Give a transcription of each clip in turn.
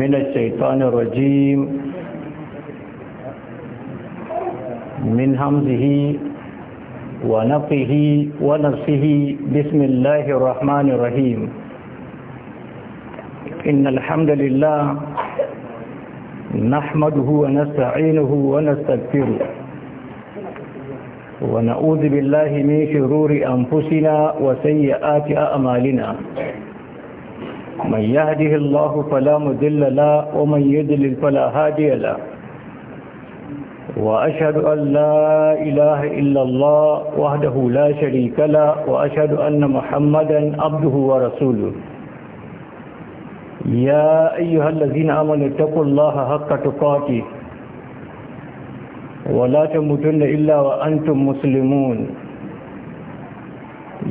من الشيطان الرجيم من همزه ونفه ونفسه بسم الله الرحمن الرحيم إن الحمد لله نحمده ونستعينه ونستغفره ونعوذ بالله من شرور أنفسنا وسيئات أعمالنا من يهده الله فلا مذل لا ومن يدلل فلا هادي لا وأشهد أن لا إله إلا الله وحده لا شريك لا وأشهد أن محمدا عبده ورسوله يا أيها الذين آمنوا اتقوا الله حق تقاته ولا تموتن إلا وأنتم مسلمون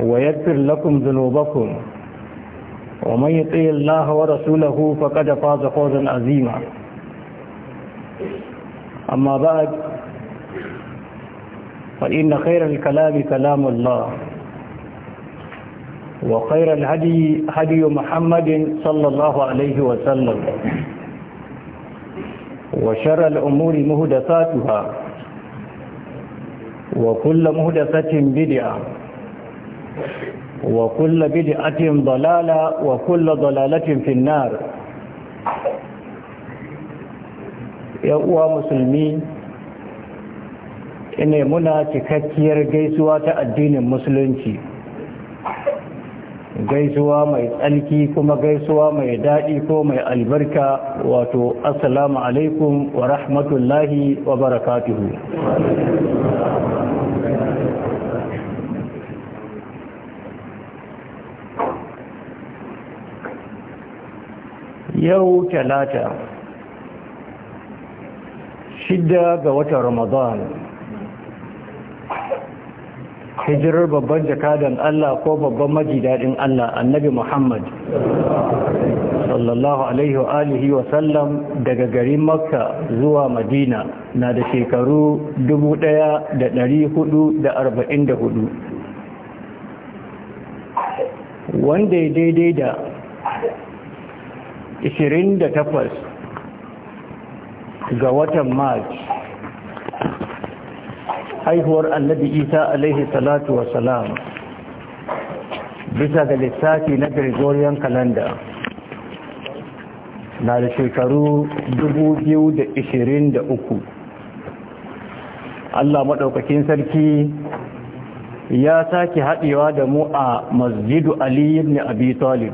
ويغفر لكم ذنوبكم ومن يطع الله ورسوله فقد فاز فوزا عظيما أما بعد فإن خير الكلام كلام الله وخير الهدي هدي محمد صلى الله عليه وسلم وشر الأمور مهدساتها وكل مهدسة بدعة وكل بدعة ضلالة وكل ضلالة في النار uwa-Musulmi مسلمين muna cikakkiyar gaisuwa ta addinin musulunci. gaisuwa mai tsalki kuma gaisuwa mai daɗi ko mai albarka wato "asalamu alaikum wa rahmatullahi wa barakatuhu yau talata shidda ga watan ramadan hijirar babban jakadan Allah ko babban majidadin Allah annabi Muhammad sallallahu alaihi wa alihi wa sallam daga garin makka zuwa madina na da shekaru 1444 wanda ya daidai da 28 ga watan march haihuwar annabi isa alaihi salatu salam bisa ga lissafi na gregorian calendar na da shekaru 2023 allah maɗaukakin sarki ya sake haɗewa da mu a masjidu ali ibn abi talib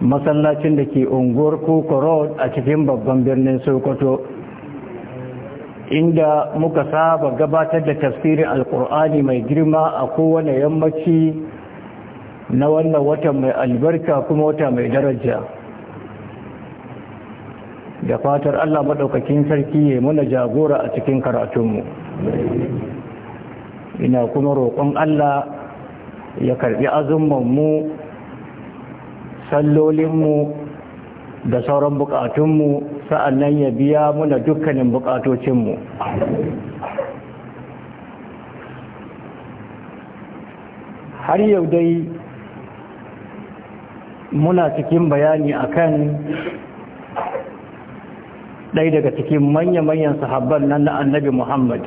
masallacin da ke unguwar koko road a cikin babban birnin sokoto inda muka saba gabatar da tafsirin alkur'ani mai girma a kowane yammaci na wannan wata mai albarka kuma wata mai daraja da fatar allah maɗaukakin sarki ya muna jagora a cikin karatunmu ina kuma roƙon allah ya karɓi mu. sallolinmu da sauran bukatunmu sa'annan ya biya muna dukkanin bukatocinmu har yau dai muna cikin bayani akan ɗaya daga cikin manya-manyan sahabban nan na annabi Muhammad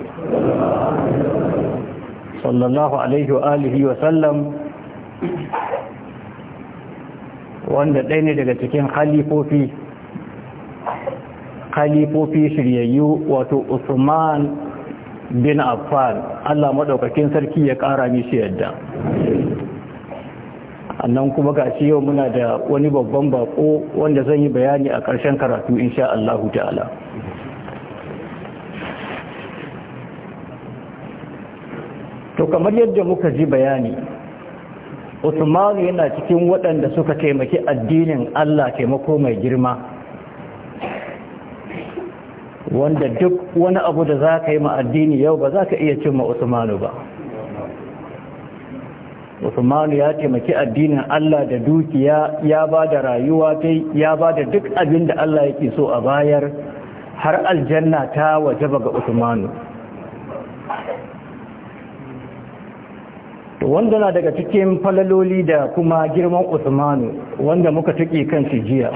sallallahu alaihi wa alihi wa sallam wanda ɗaya ne daga cikin khalifofi khalifofi shiryayyu wato Usman bin Affan Allah maɗaukakin sarki ya ƙara mishi yadda annan kuma ga shi yau muna da wani babban bako wanda zan yi bayani a ƙarshen karatu insha Allahu ta'ala to kamar yadda muka ji bayani Usman yana cikin waɗanda suka taimaki addinin Allah taimako mai girma wanda duk wani abu da za ka yi ma addini yau ba za ka iya cimma Usmanu ba Usmanu ya taimaki addinin Allah da dukiya ya ba da rayuwa ta ya ba da duk abin da Allah yake so a bayar har aljanna ta waje ga Usmanu wanda na daga cikin falaloli da kuma girman usmanu wanda muka tuki kan shi jiya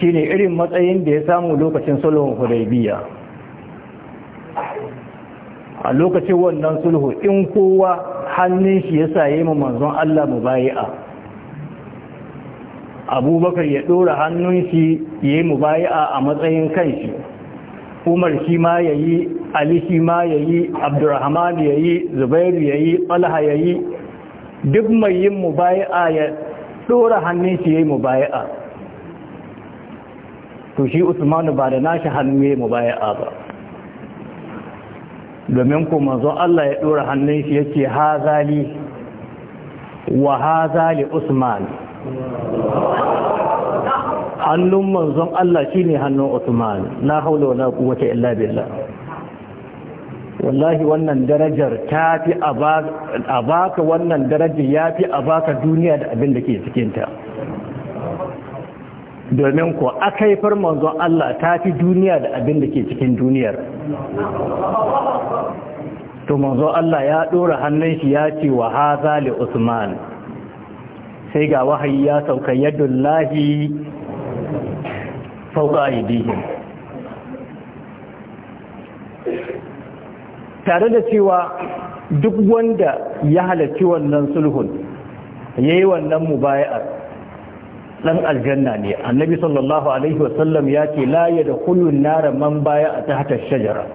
shine irin matsayin da ya samu lokacin sulhun hudaibiya a lokacin wannan sulhu in kowa hannun shi ya saye mu manzon Allah mu bayi'a abubakar ya dora hannun shi ya yi mu bayi'a a matsayin shi. umar shi ma ya yi ali shi ma ya yi abdurrahman ya yi zubairu ya yi ɓalha ya yi duk mai yin mubaya'a ya ɗora hannun shi ya yi to shi usmanu ba da nashi hannu ya yi mubaya'a ba domin kuma zo Allah ya ɗora hannun shi ya ce ha zali wa ha zali usman hannun manzon Allah shi ne hannun usman na haula na quwwata illa billah wallahi wannan darajar ta fi a baka wannan darajar ya fi a baka duniya da abin da ke cikinta domin ko akaifar manzon Allah ta fi duniya da abin da ke cikin duniyar to manzon Allah ya ɗora hannun shi ya ce wa haza li Usman sai ga wahayi ya sauka yadullahi fauka aidihim tare da cewa duk wanda ya halarci wannan sulhun ya yi wannan mubaya'ar ɗan aljanna ne annabi sallallahu alaihi wasallam ya ce laye da kullun nara man baya a tahta shajara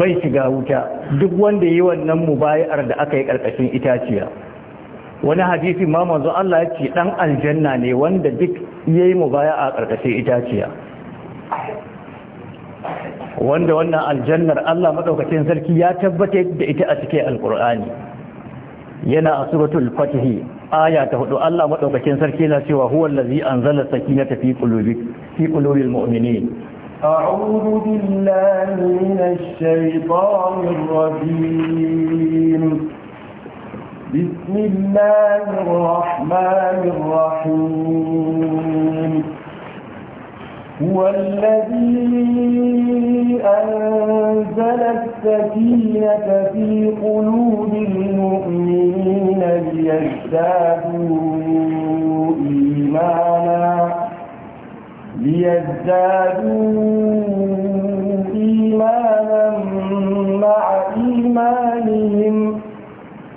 bai shiga wuta duk wanda ya yi wannan mubaya'ar da aka yi ƙarƙashin itaciya wani hadisi ma manzo Allah ya ce ɗan aljanna ne wanda duk ya yi a ƙarƙashin itaciya wanda wannan aljannar Allah madaukakin sarki ya tabbata da ita a cikin alƙur'ani yana a suratul fatih aya ta hudu Allah madaukakin sarki yana cewa huwal ladzi anzala sakinata fi qulubi fi qulubil mu'minin أعوذ بالله من الشيطان الرجيم بسم الله هو الذي أنزل السكينة في قلوب المؤمنين ليزدادوا إيمانا ليزدادوا إيمانا مع إيمانهم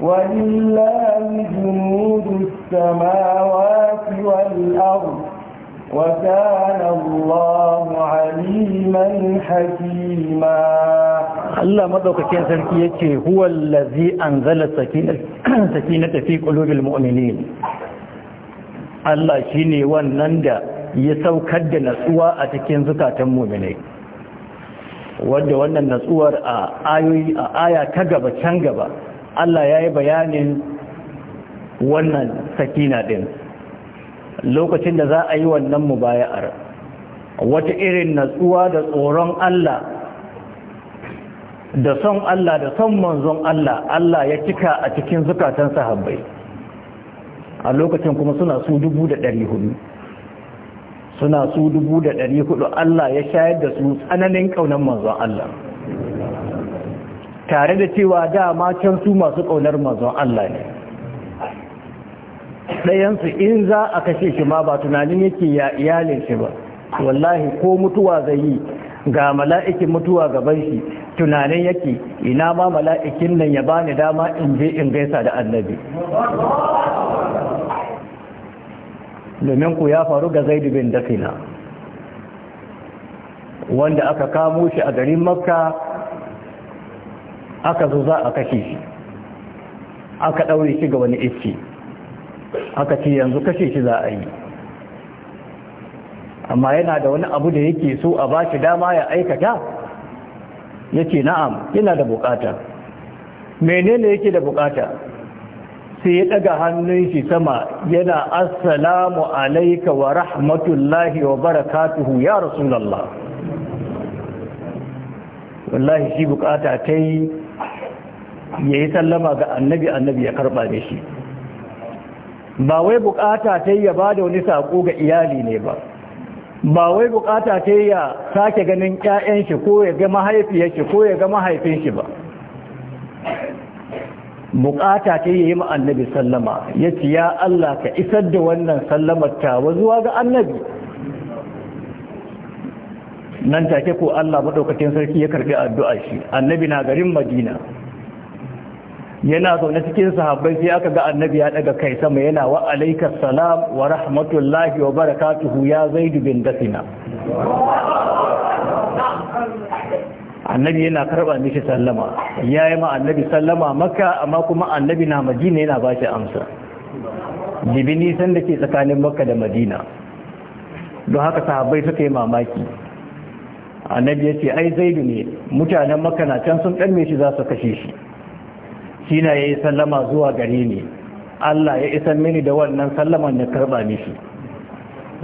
ولله جنود السماوات والأرض Waɗana ruwa muhallin man Hakima. Allah maɗaukaken sarki yake huwa la zi anzala saki na tafi ƙulubin muminin. Allah shi wannan da ya saukar da natsuwa a cikin zukatan muminai. Wadda wannan natsuwar a a Aya ta gaba can gaba, Allah yayi bayanin wannan sakina na lokacin da za a yi wannan mubaya'ar wata irin natsuwa da tsoron Allah da son Allah da son manzon Allah Allah ya cika a cikin zukatan sahabbai a lokacin kuma suna su dubu da ɗari hudu suna su dubu da ɗari hudu Allah ya shayar da su tsananin ƙaunar manzon Allah tare da cewa dama can su masu ƙaunar manzon Allah ne ɗayansu in za a kashe shi ma ba tunanin yake ya iyalin shi ba wallahi ko mutuwa zai yi ga mala'ikin mutuwa gaban shi tunanin yake ina ma mala'ikin nan ya bani dama in je in gaisa da annabi domin ku ya faru ga zaidu bin dafina wanda aka kamo shi a garin makka aka zo za a kashe shi aka ɗaure shi ga wani iski aka ce yanzu kashe shi za a yi amma yana da wani abu da yake so a ba shi dama ya aikata ya na'am yana da bukata menene yake da bukata sai ya daga hannun shi sama yana assalamu alaika wa rahmatullahi wa barakatuhu ya rasulallah wallahi shi bukata ta yi ya yi sallama ga annabi annabi ya karba da shi ba wai bukata ta ya ba da wani saƙo ga iyali ne ba ba wai bukata ta yi ya sake ganin 'ya'yan shi ko ya ga mahaifiyar ko ya ga mahaifin shi ba bukata ta yi ma annabi sallama ya ce ya Allah ka isar da wannan sallamar tawa zuwa ga annabi nan take ko Allah madaukakin sarki ya karbi addu'a shi annabi na garin madina yana zaune cikin sahabbai sai aka ga annabi ya daga kai sama yana wa alaika salam wa rahmatullahi wa barakatuhu ya zaidu bin dafina annabi yana karba mishi sallama ya yi ma annabi sallama maka amma kuma annabi na madina yana ba shi amsa jibi nisan da ke tsakanin makka da madina don haka sahabbai suka yi mamaki annabi ya ce ai zaidu ne mutanen makka na can sun ɗan shi za su kashe shi Shina ya yi sallama zuwa gare ni Allah ya isan mini da wannan sallaman na karɓa mishi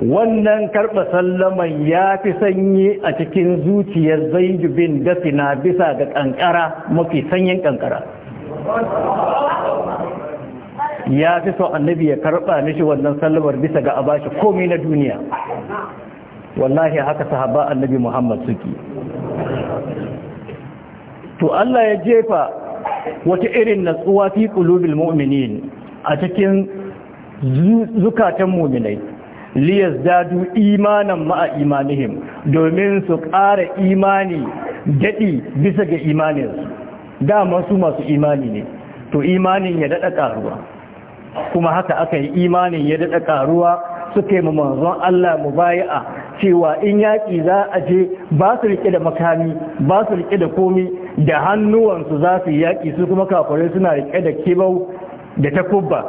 wannan karba sallaman ya fi sanyi a cikin zuciyar zainjubin dafi dafina bisa ga ƙanƙara mafi sanyin ƙanƙara ya fi so annabi ya karba mishi wannan sallamar bisa ga abashi komai na duniya wallahi haka sahaba annabi muhammad suke to Allah ya jefa wata irin natsuwa fi kulubil mu'minin a cikin zukatan mu'minai liyas dadu imanan ma'a imanihim domin su ƙara imani daɗi bisa ga imaninsu dama su masu imani ne to imanin ya daɗa ƙaruwa kuma haka aka yi imanin ya daɗa ƙaruwa suka yi manzon Allah mu baya'a cewa in yaƙi za a je ba su riƙe da makami ba su riƙe da komi da hannuwansu za su yaƙi su kuma kafare suna riƙe da kebau da takubba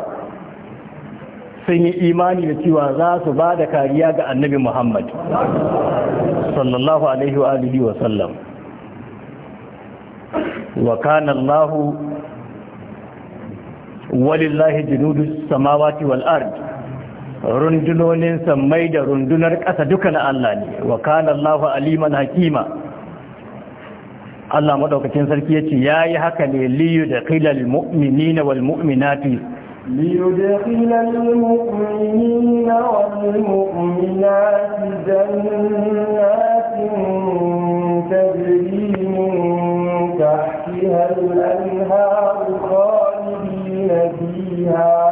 sun yi imani da cewa za su ba da kariya ga annabi muhammad sallallahu alaihi wa alihi wa sallam wa walillahi junudu samawati wal ard rundunonin sammai da rundunar ƙasa duka na allah ne wa kana aliman hakima Allah maɗaukacin sarki yace yayi haka ne liyu da qilal mu'minina wal mu'minati ليدخل المؤمنين والمؤمنات جنات تجري من تحتها الأنهار خالدين فيها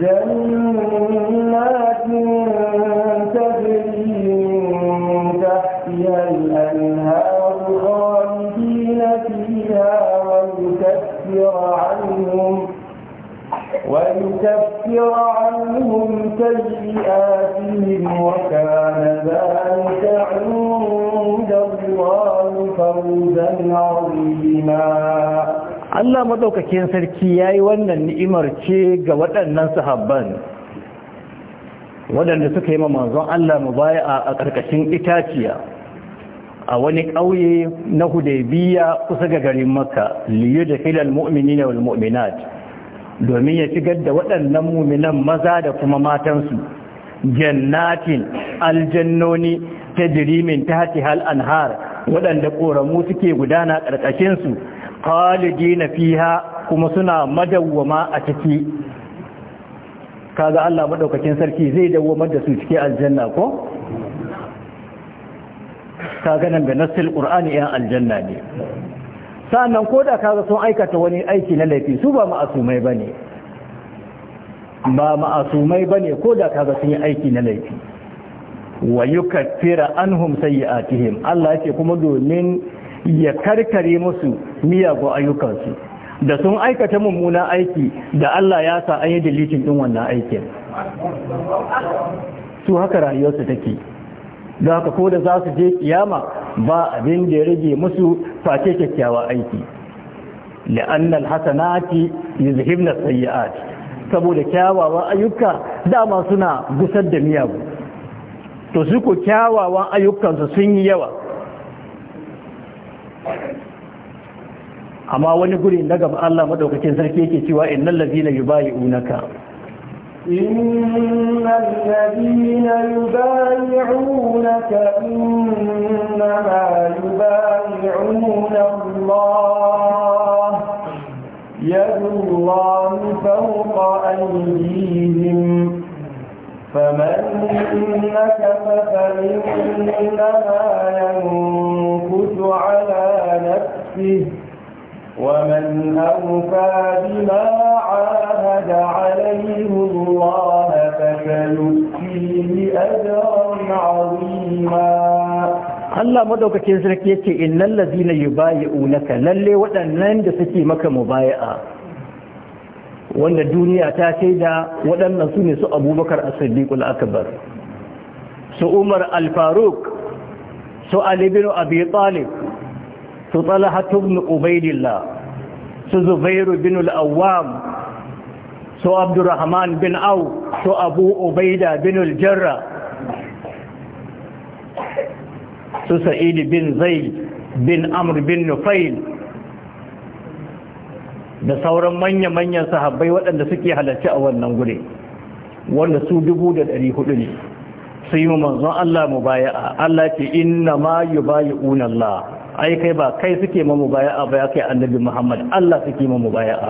جنات تجري ويكفر عنهم ويكفر عنهم سيئاتهم وكان ذلك عند الله فوزا عظيما Allah madaukakin sarki yayi wannan ni'imar ce ga waɗannan sahabban waɗanda suka yi ma manzon Allah mubaya'a a ƙarƙashin itaciya a wani ƙauye na hudaibiya kusa ga garin makka liyu da filan mu'mini na walmu'minat domin ya shigar da waɗannan muminan maza da kuma matansu jannatin aljannoni ta jirimin ta haƙi hal an har. waɗanda ƙoramu suke gudana ƙarƙashinsu ƙalidi na fiha kuma suna madawwama a ciki kaga Allah maɗaukacin sarki zai dawwamar da su cike aljanna ko ka ganin ga nassil qur'ani yan aljanna ne sa'annan ko da kaga sun aikata wani aiki na laifi su ba ma'asumai bane ba ma'asumai bane ko da kaga sun yi aiki na laifi wa yukaffira anhum sayyi'atihim Allah yake kuma domin ya karkare musu miyagun ayyukansu da sun aikata mummunan aiki da Allah ya sa an yi dalilin din wannan aikin su haka rayuwarsu take da haka ko da za su je kiyama ba abin da ya rage musu face kyakkyawa aiki la'anna alhasanati yuzhibna sayyi'at saboda kyawawa ayyuka dama suna gusar da miyagu to su ko kyawawan ayyukansu sun yi yawa amma wani guri na ga Allah madaukakin sarki yake cewa innal ladina yubayi'unaka إن الذين يبايعونك إنما يبايعون الله يد الله فوق أيديهم فمن نكف فإنما ينكث على نفسه ومن أوفى بما عاهد عليه الله فسيؤتيه أجرا عظيما Allah madaukakin sarki yake innal ladina yubayi'unaka lalle waɗannan da suke maka mubaya'a wanda duniya ta shaida waɗannan su ne su Abubakar As-Siddiq al-Akbar su Umar Al-Faruq su Ali ibn Abi Talib su talhatu ibn ubaidillah su zubairu bin al su abdurrahman bin au su abu ubaida bin jarra su sa'id bin zaid bin amr bin nufail da sauran manya-manyan sahabbai waɗanda suke halarci a wannan gure wanda su dubu da ɗari hudu ne su yi manzon Allah mu baya Allah ce inna ma yi bayi unallah ai kai ba kai suke ma mubaya'a ba ya kai annabi Muhammad Allah suke ma mubaya'a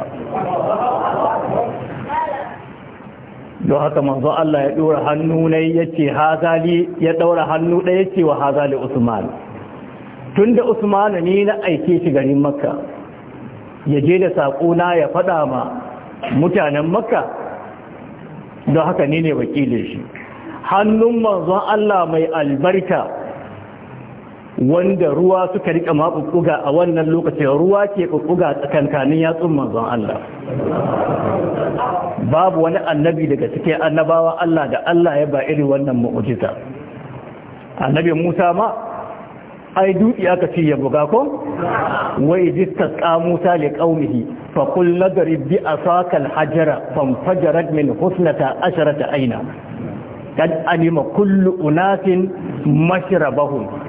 don haka manzo Allah ya dora hannu ne yace hazali ya daura hannu da yace wa hazali Usman tunda Usman ne na aike shi garin Makka ya je da sako na ya fada ma mutanen Makka don haka ne ne wakilin shi hannun manzon Allah mai albarka wanda ruwa suka rika ma a wannan lokacin ruwa ke kukkuga tsakankanin yatsun manzon Allah babu wani annabi daga cikin annabawa Allah da Allah ya ba iri wannan mu'jiza annabi Musa ma ai dutse aka ce ya buga ko wai jista tsa Musa li qaumihi fa qul nadrib bi asaka al-hajara fajarat min husnata asharata aina kad alima kullu unasin mashrabahum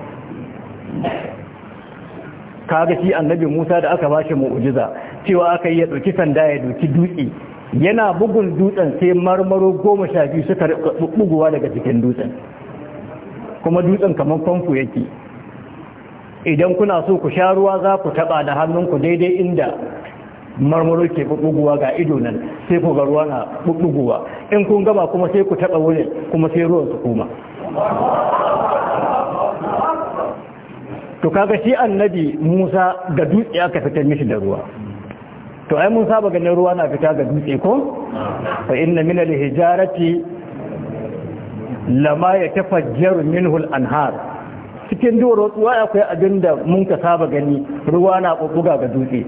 kaga shi annabi Musa da aka bashi mu'jiza cewa aka yi ya dauki sanda ya doki dutse yana bugun dutsen sai marmaro goma sha biyu suka bugowa daga cikin dutsen kuma dutsen kamar famfo yake idan kuna so ku sha ruwa za ku taba da hannunku daidai inda marmaro ke bugowa ga ido nan sai ku ga ruwa na bugowa in kun gama kuma sai ku taba wurin kuma sai ruwan su kuma to kaga shi annabi musa ga dutse aka fita mishi da ruwa to ai mun saba ganin ruwa na fita ga dutse ko fa inna min al-hijarati lama yatafajjaru minhu al-anhar cikin duwar ruwa akwai abinda mun ka saba gani ruwa na kokuga ga dutse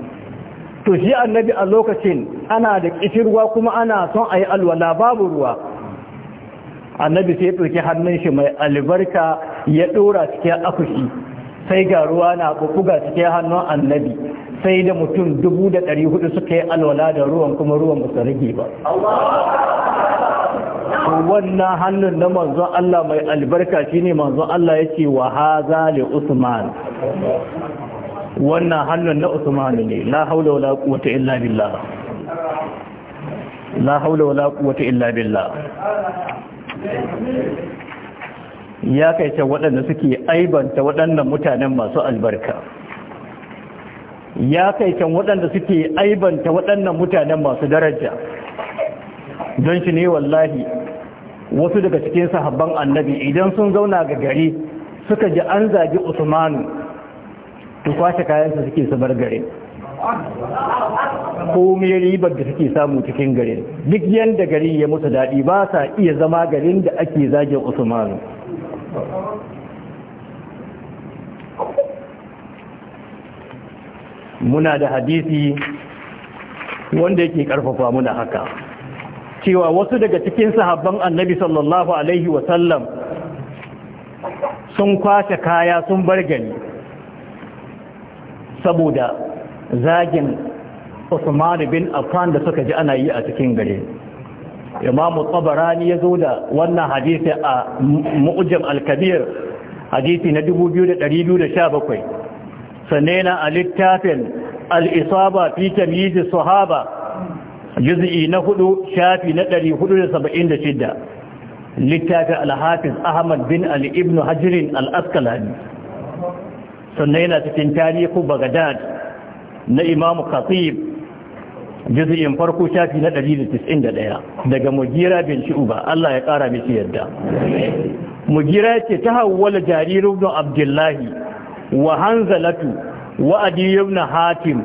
to shi annabi a lokacin ana da kishirwa kuma ana son ayi alwala babu ruwa annabi sai ya ɗauki hannun shi mai albarka ya ɗora cikin akushi sai ga ruwa na buga cikin hannun annabi sai da mutum dubu da ɗari suka yi alwala da ruwan kuma ruwan ba su rage ba wannan hannun na manzo Allah mai albarka shine manzo Allah yake wa haza li Usman wannan hannun na Usman ne la haula wala quwwata illa billah la haula wala quwwata illa billah ya kai ta waɗanda suke aibanta waɗannan mutanen masu albarka ya kai can waɗanda suke aibanta waɗannan mutanen masu daraja don shi ne wallahi wasu daga cikin sahabban annabi idan sun zauna ga gari suka ji an zagi usmanu to kwashe kayansa suke su bar gari komai ribar da suke samu cikin garin duk yadda gari ya musu daɗi ba sa iya zama garin da ake zagin usmanu muna da hadisi wanda yake karfafa muna haka cewa wasu daga cikin sahabban annabi sallallahu alaihi wasallam sun kwace kaya sun bar gani saboda zagin Usman bin Affan da suka ji ana yi a cikin gare imamu tabarani ya zo da wannan hadisi a mu'jam al-kabir hadisi na 2217 sanena a littafin al-isaba fi tamyiz sahaba juz'i na 4 shafi na 476 littafin al-hafiz ahmad bin ali ibn hajrin al-asqalani sannan yana cikin tarihu bagdad na imamu khatib juz'in farko shafi na 191 daga mugira bin shi'uba Allah ya ƙara mishi yadda mugira ce ta hawwala jariri ibn abdullahi wa hanzalatu wa adi ibn hatim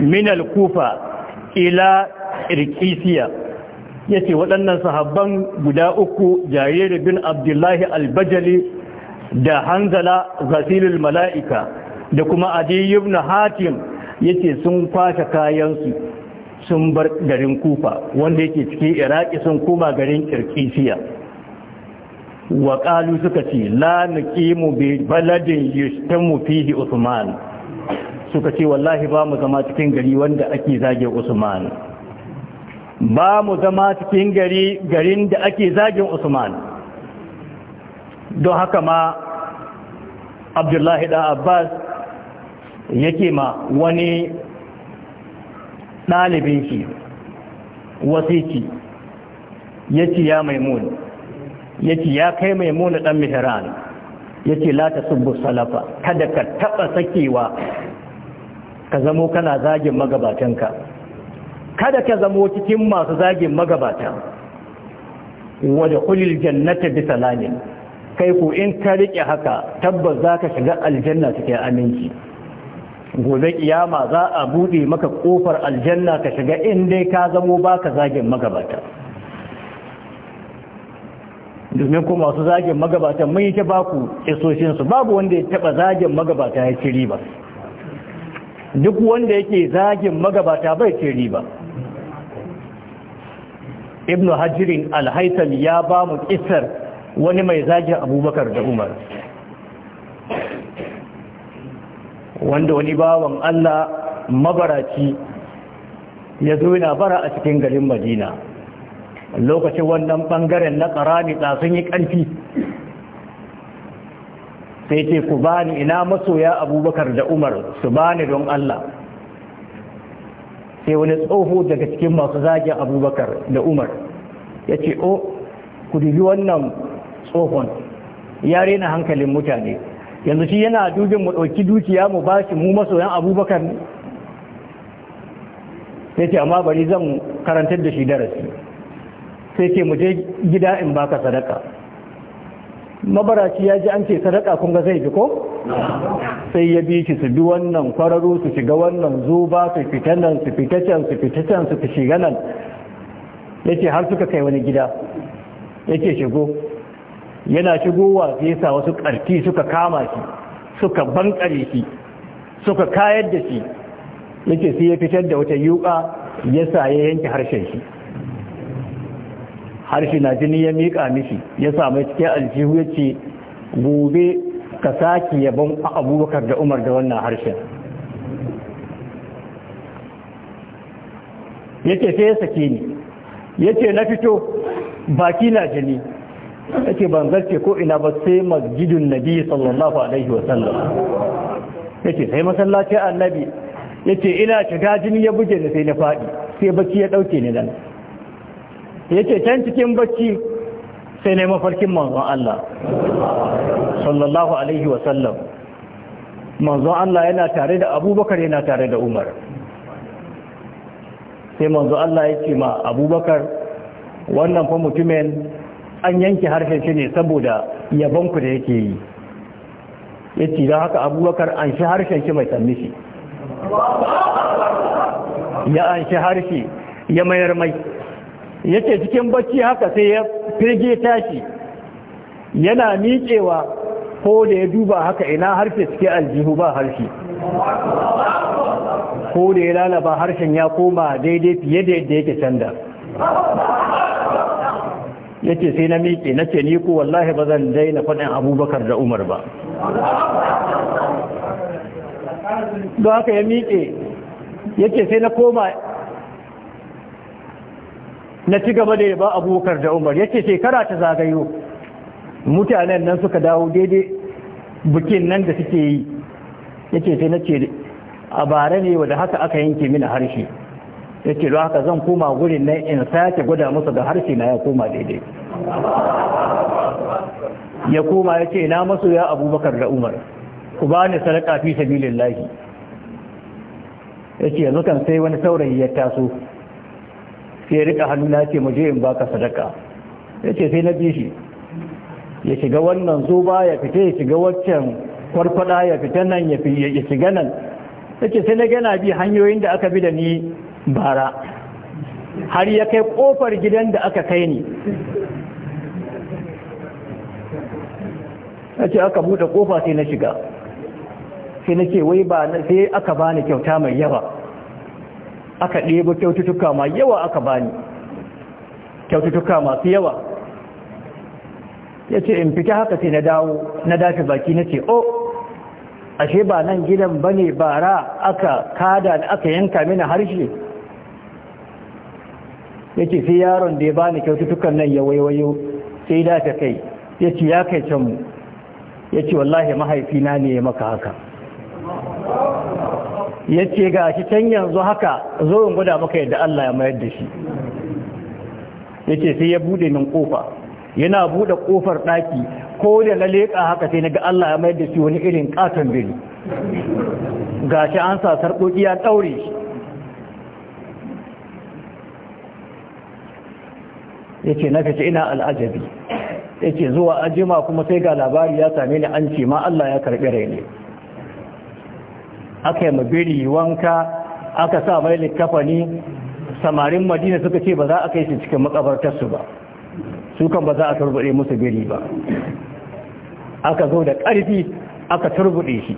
min kufa ila irkisiya yace waɗannan sahabban guda uku jariri bin abdullahi al da hanzala zasilul mala'ika da kuma adi ibn hatim yace sun kwashe kayansu sun bar garin kufa wanda yake cikin iraki sun kuma garin kirkisiya wa ƙalu suka ce la nuqimu bi baladin yushtamu fihi usman suka ce wallahi ba mu zama cikin gari wanda ake zage usman ba mu zama cikin gari garin da ake zagin usman don haka ma abdullahi da abbas yake ma wani ɗalibinki wasiki ya ce ya maimun ya ce ya kai maimun ɗan mihran ya ce lata subbu salafa kada ka taɓa sakewa ka zamo kana zagin magabatanka kada ka zamo cikin masu zagin magabata wadda kulil jannata bi salamin kai ku in ka riƙe haka tabbas za ka shiga aljanna cikin aminci gobe kiyama za a bude maka kofar aljanna ka shiga inda ka zamo baka zagin magabata domin kuma su zagin magabata mun yi ta baku isoshinsu babu wanda ya taba zagin magabata ya ci riba duk wanda yake zagin magabata bai ci riba ibnu hajjirin alhaitam ya ba mu kisar wani mai zagin abubakar da umar wanda wani bawan Allah mabaraci ya zo yana bara a cikin garin madina lokacin wannan bangaren na da sun yi ƙarfi sai ce ku bani ina masoya abubakar da umar su bani don Allah sai wani tsoho daga cikin masu zagin abubakar da umar ya ce o oh, ku dubi wannan tsohon ya rena hankalin mutane yanzu shi yana dubin mu ɗauki dukiya mu ba shi mu masoyan abubakar ne sai ce amma bari zan karantar da shi darasi sai ce mu je gida in baka sadaka mabaraci ya ji an ce sadaka kun ga zai fi ko sai ya bi shi su bi wannan kwararo su shiga wannan zuba su fita nan su fita can su fita can su shiga nan ya ce har suka kai wani gida ya ce shigo yana shigowa sai sa wasu ƙarfi suka kama shi suka bankare shi suka kayar da shi yake sai ya fitar da wata yuka sa ya yanke harshen shi harshe na jini ya miƙa mishi ya samu cikin aljihu ya ce gobe ka sake yabon abubakar da umar da wannan harshen ya sai ya sake ni ya na fito baki na jini yake ban zarce ko ina ba sai masjidun nabi sallallahu alaihi wa sallam Yace sai masallaci annabi yace ina shiga jini ya buge ni sai na fadi sai bacci ya dauke ni nan yace can cikin bacci sai na mafarkin manzon Allah sallallahu alaihi wa sallam manzon Allah yana tare da Abubakar yana tare da Umar sai manzon Allah ce ma Abubakar wannan fa mutumin an yanke harshen shi ne saboda yabonku da yake yi ya ce don haka abubakar an shi harshen shi mai sannu shi ya an shi harshe ya mayar mai ya ce cikin bacci haka sai ya firge tashi yana miƙewa ko da ya duba haka ina harshe suke aljihu ba harshe ko da ya lalaba harshen ya koma daidai fiye da yadda yake canda yace sai na miƙe na ce ni ko wallahi ba zan daina faɗin abubakar da umar ba don haka ya miƙe yace sai na koma na ci gaba da ya ba abubakar da umar ya ce shekara ta zagayo mutanen nan suka dawo daidai bukin nan da suke yi ya ce sai na ce a bara ne wadda haka aka yanke mini harshe ya ce don haka zan koma gurin nan in sake gwada musu da harshe na ya koma daidai ya koma ya ce na masu ya abubakar da umar ku ba ni sadaka fi sabilin lahi ya ce yanzu kan sai wani saurayi ya taso sai rika hannu na ce mu je in baka sadaka ya ce sai na bi shi ya shiga wannan zuba ya fita ya shiga waccan kwarkwada ya fita nan ya shiga nan ya ce sai na gana bi hanyoyin da aka bi da ni bara har ya kai kofar gidan da aka kai ni na ce aka buɗe kofa sai na shiga sai na ce wai ba sai aka bani kyauta mai yawa aka ɗebo kyaututtuka mai yawa aka bani kyaututtuka masu yawa ya ce in fita haka sai na dawo na dafi baki na ce o oh, ashe ba nan gidan ba ne bara aka kada da aka yanka mini harshe ce sai yaron da ya bani kyaututtukan nan ya waiwayo sai da ta kai Ya ce ya kai canmu ya ce wallahi mahaifina ne ya maka haka yace ga shi can yanzu haka zo guda maka yadda Allah ya mayar da shi Ya ce sai ya bude min kofa yana bude kofar daki ko da na leƙa haka sai na ga Allah ya mayar da shi wani irin katon biri Ga shi an sa sarkoki ya ɗaure. shi yace na kace ina al'ajabi yace zuwa ajima kuma sai ga labari ya same ni an ce ma Allah ya karɓi raini aka yi mabiri wanka aka sa mai littafani samarin madina suka ce ba za a kai shi cikin makabartarsu ba su kan ba za a turbuɗe musu biri ba aka zo da ƙarfi aka turbuɗe shi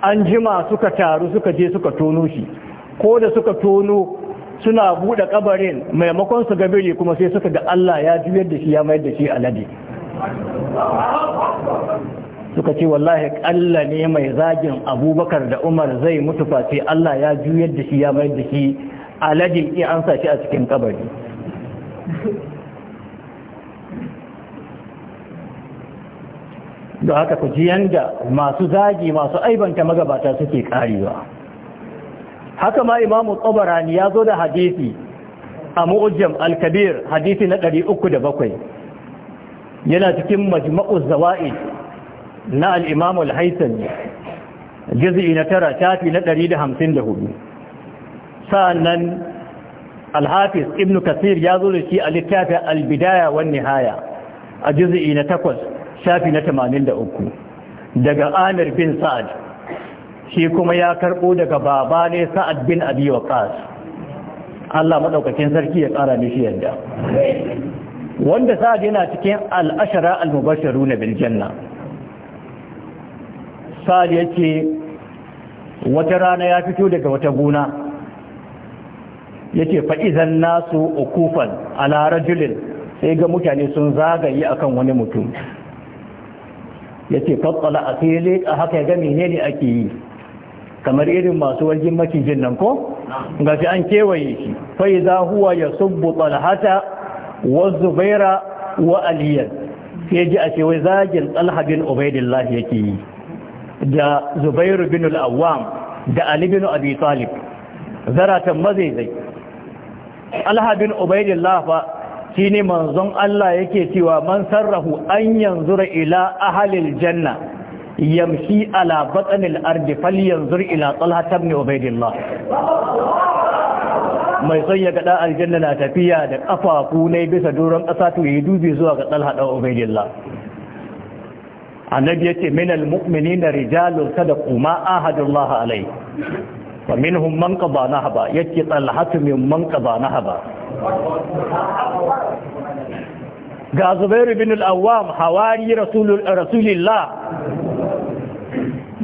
an jima suka taru suka je suka tono shi ko da suka tono suna buɗe kabarin maimakon su ga biri kuma sai suka ga Allah ya juyar da shi ya mayar da shi alade suka ce wallahi Allah ne mai zagin abubakar da umar zai mutu face Allah ya juyar da shi ya mayar da shi alade in an sa shi a cikin kabari da haka ku ji yanda masu zagi masu aibanta magabata suke karewa haka ma imamu tsabarani ya zo da hadithi a mu'ujjam al-kabir hadisi na 307 yana cikin majma'uz zawa'id na al-imam al-haythami juz'i na tara shafi na 154 sa'annan al-hafiz ibn kasir ya zo da shi a littafin al-bidaya wan nihaya a juz'i na 8 shafi na 83 daga amir bin sa'ad shi kuma ya karɓo daga baba ne sa'ad bin abi waqas Allah madaukakin sarki ya kara mishi yadda wanda sa'ad yana cikin al'ashara ashara al-mubashirun bil janna sa'ad yace wata rana ya fito daga wata gona yace fa idan nasu ukufan ala rajulin sai ga mutane sun zagaye akan wani mutum yace fatsala a fili a haka ya ga menene ake yi kamar irin masu wajen macijin nan ko ga shi an kewaye shi fai za huwa ya subbu talhata wa zubaira wa aliyar sai ji a wai zagin talha bin ubaidillah yake yi da zubairu bin al'awam da ali bin abi talib zaratan mazaizai talha bin ubaidillah fa shine manzon Allah yake cewa man sarrahu an yanzura ila ahalil janna yamshi ala batsanil ardi falyanzur ila talha ni, ubaidillah mai son ya gada aljanna na tafiya da kafafu na bisa doron ƙasa to yi dubi zuwa ga talha da ubaidillah annabi yace minal mu'minina rijalun sadaqu ma ahadullah alai wa minhum man qada nahaba yace talhatu min man na haba. ga zubairu bin al'awam hawari rasulillah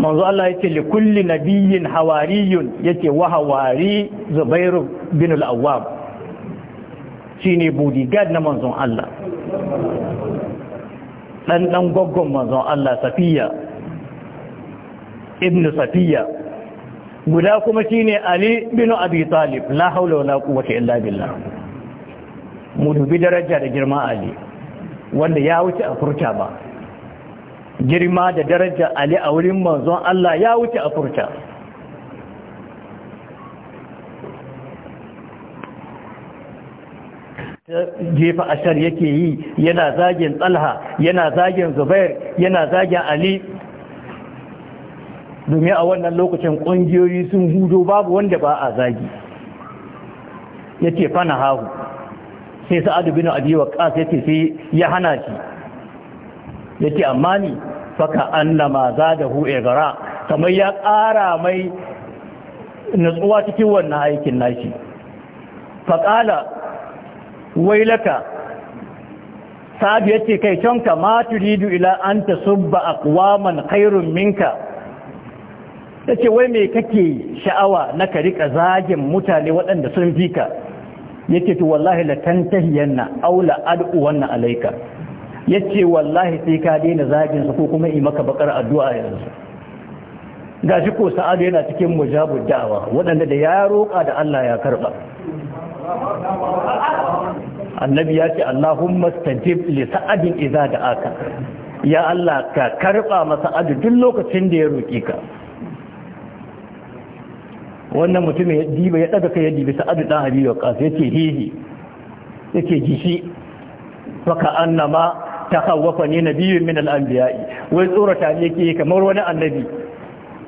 manzo Allah ya ce li kulli nabiyin hawariyun yake wa hawari zubairu bin al'awam shine bodyguard na manzon Allah dan gwaggon goggon manzon Allah safiya ibnu safiya guda kuma shine ali bin abi talib la haula wala quwwata illa billah mu dubi daraja da girma ali wanda ya wuce a furta ba girma da daraja ali a wurin manzon Allah ya wuce a furta jefa ashar yake yi yana zagin tsalha yana zagin zubair yana zagin ali domin a wannan lokacin ƙungiyoyi sun hudo babu wanda ba a zagi yake fana hahu sai sa'adu bin abi waqas yace sai ya hana shi yace amma ni faka annama zadahu igara kamar ya ƙara mai nutsuwa cikin wannan aikin nashi faqala wailaka sa'adu yace kai can ka ma turidu ila an tasubba aqwaman khairun minka yace wai me kake sha'awa na ka rika zagin mutane waɗanda sun fi ka yake to wallahi la tantahiyanna aw la ad'u wanna alayka yace wallahi sai ka daina zagin su ko kuma yi maka bakar addu'a yanzu gashi ko sa'adu yana cikin mujabud da'wa waɗanda da ya roƙa da Allah ya karba annabi ya ce Allahumma stajib li sa'adin idza da'aka ya Allah ka karba masa adu duk lokacin da ya roƙi ka wannan mutum ya diba ya daga kai ya dibi sa'adu dan wa waqas yake hihi yace gishi faka annama takhawafa ni nabiyyun min al-anbiya'i wai tsorata ne yake kamar wani annabi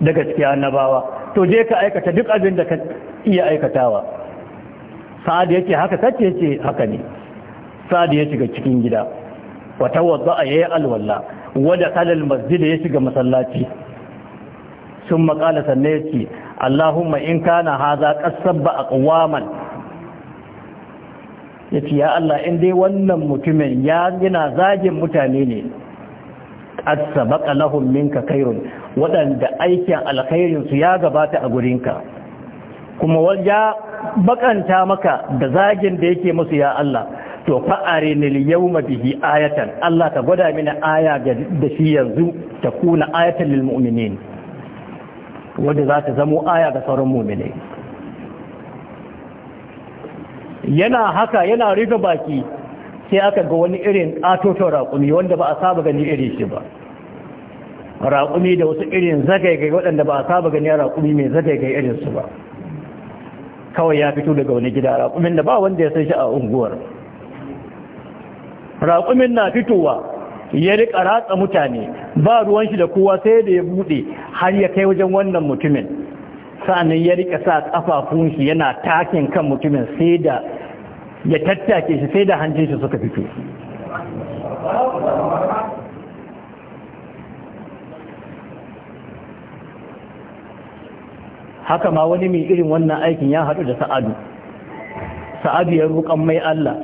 daga cikin annabawa to je ka aikata duk abin da ka iya aikatawa sa'ad yake haka sace yace haka ne sa'ad ya shiga cikin gida wa tawadda yayi alwala wa dakhala al-masjid ya shiga masallaci sun maƙala sannan yake Allahuma in kana haza kasabba aqwaman yace ya Allah in dai wannan mutumin ya yana zagin mutane ne qad sabaqa lahum minka khairun aikin alkhairin su ya gabata a gurinka kuma ya baƙanta maka da zagin da yake musu ya Allah to fa'ari ne bihi ayatan Allah ka gwada mini aya da shi yanzu ta kuna ayatan lil mu'minin wadda za ta zamo aya ga sauran muminai yana haka yana rufe baki sai aka ga wani irin atoton raƙumi wanda ba a saba gani irin shi ba raƙumi da wasu irin zagaigai waɗanda ba a saba gani a raƙumi mai zagaigai irinsu ba kawai ya fito daga wani gida raƙumin da ba wanda ya sai shi a unguwar raƙumin na fitowa ya rika ratsa mutane ba ruwan shi da kowa sai da ya buɗe har ya kai wajen wannan mutumin sa'annan ya rika sa kafafun shi yana takin kan mutumin sai da ya tattake shi sai da hancin shi suka fito haka ma wani mai irin wannan aikin ya haɗu da sa'adu sa'adu ya roƙon mai Allah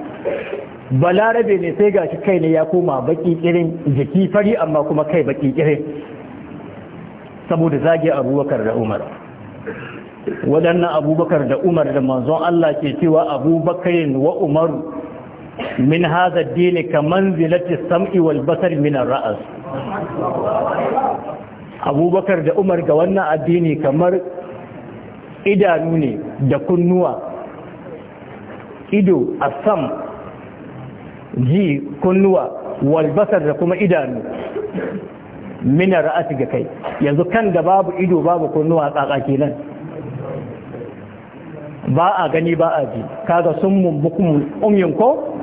balarabe ne sai gashi kai ne ya koma baki kirin jiki fari amma kuma kai baki kirin saboda zage abubakar da umar waɗannan abubakar da umar da manzon Allah ke cewa abubakarin wa umaru min haza dini ka manzilati sam'i wal basar min ra'as abubakar da umar ga wannan addini kamar idanu ne da kunnuwa ido a sam ji kunnuwa walbasar da kuma idanu mina ra'asi ga kai yanzu kan da babu ido babu kunnuwa tsaka kenan ba a gani ba a ji kaga sun mummukumun umyin ko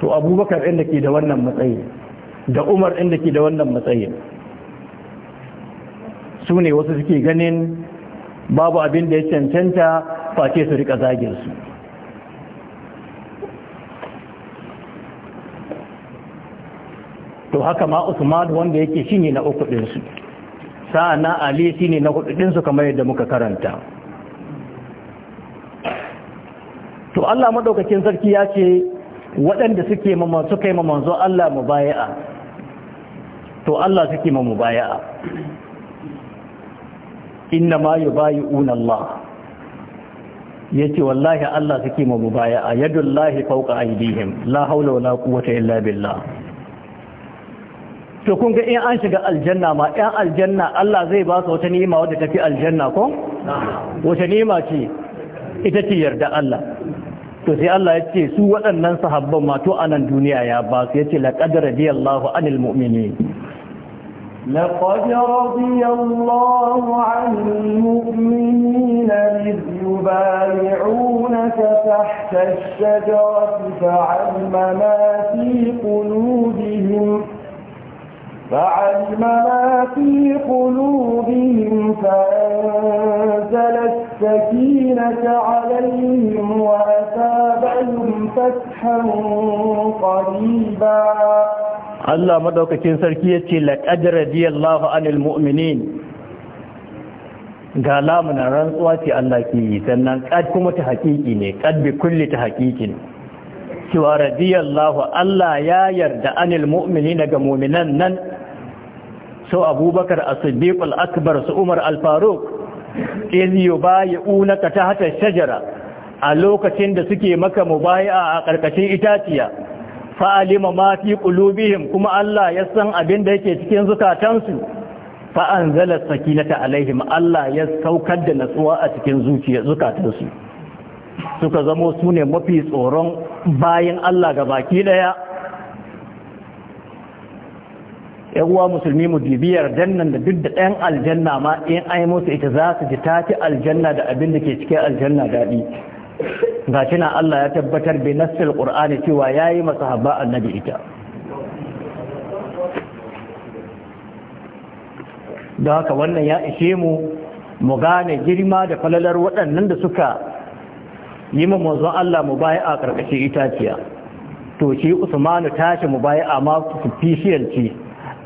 to abubakar inda ke da wannan matsayi da umar inda ke da wannan matsayi su ne wasu suke ganin babu abin da ya cancanta face su rika zagin su to haka ma usman wanda yake shine na uku din su sa'ana ali shine na hudu din su kamar yadda muka karanta to Allah madaukakin sarki ya ce waɗanda suke mamman suka yi mamman Allah mubaya'a to Allah suke mamman mubaya'a inna ma yubayi'una Allah yace wallahi Allah suke mu mubaya'a yadullahi fawqa aydihim la hawla wala quwwata illa billah to kun ga in an shiga aljanna ma ɗan aljanna Allah zai ba su wata ni'ima wadda tafi aljanna ko wata ni'ima ce ita ce yarda Allah to sai Allah ya ce su waɗannan sahabban ma to nan duniya ya ba su yace laqad radiyallahu anil mu'minin لقد رضي الله عن المؤمنين إذ يبايعونك تحت الشجرة فعلم ما في قلوبهم فعلم ما في قلوبهم فأنزل السكينة عليهم وأثابهم فتحا قريبا Allah madaukakin sarki ya yace laqad radiyallahu anil mu'minin ga lamunan rantsuwa ce Allah ke yi sannan kad kuma ta haƙiƙi ne kad bi kulli ta haƙiƙin cewa radiyallahu Allah ya yarda anil mu'minina ga mu'minan nan so Abubakar as-Siddiq al-Akbar su Umar al-Faruq iz ta hata shajara a lokacin da suke maka mubayi'a a ƙarƙashin itaciya fa'alima ma fi qulubihim kuma Allah ya san abin da yake cikin zukatansu fa anzala sakinata alaihim Allah ya saukar da natsuwa a cikin zuciya zukatansu suka zama sune mafi tsoron bayan Allah ga baki daya uwa musulmi mu bibiyar dannan da duk da ɗan aljanna ma in ai musu ita za su ji tafi aljanna da abin da ke cikin aljanna daɗi ga shi Allah ya tabbatar bi nassil qur'ani cewa yayi masahaba annabi ita da haka wannan ya ishe mu mu gane girma da falalar waɗannan da suka yi ma manzon Allah mu baya a karkashin itaciya to shi Usmanu tashi mu baya a ma official ce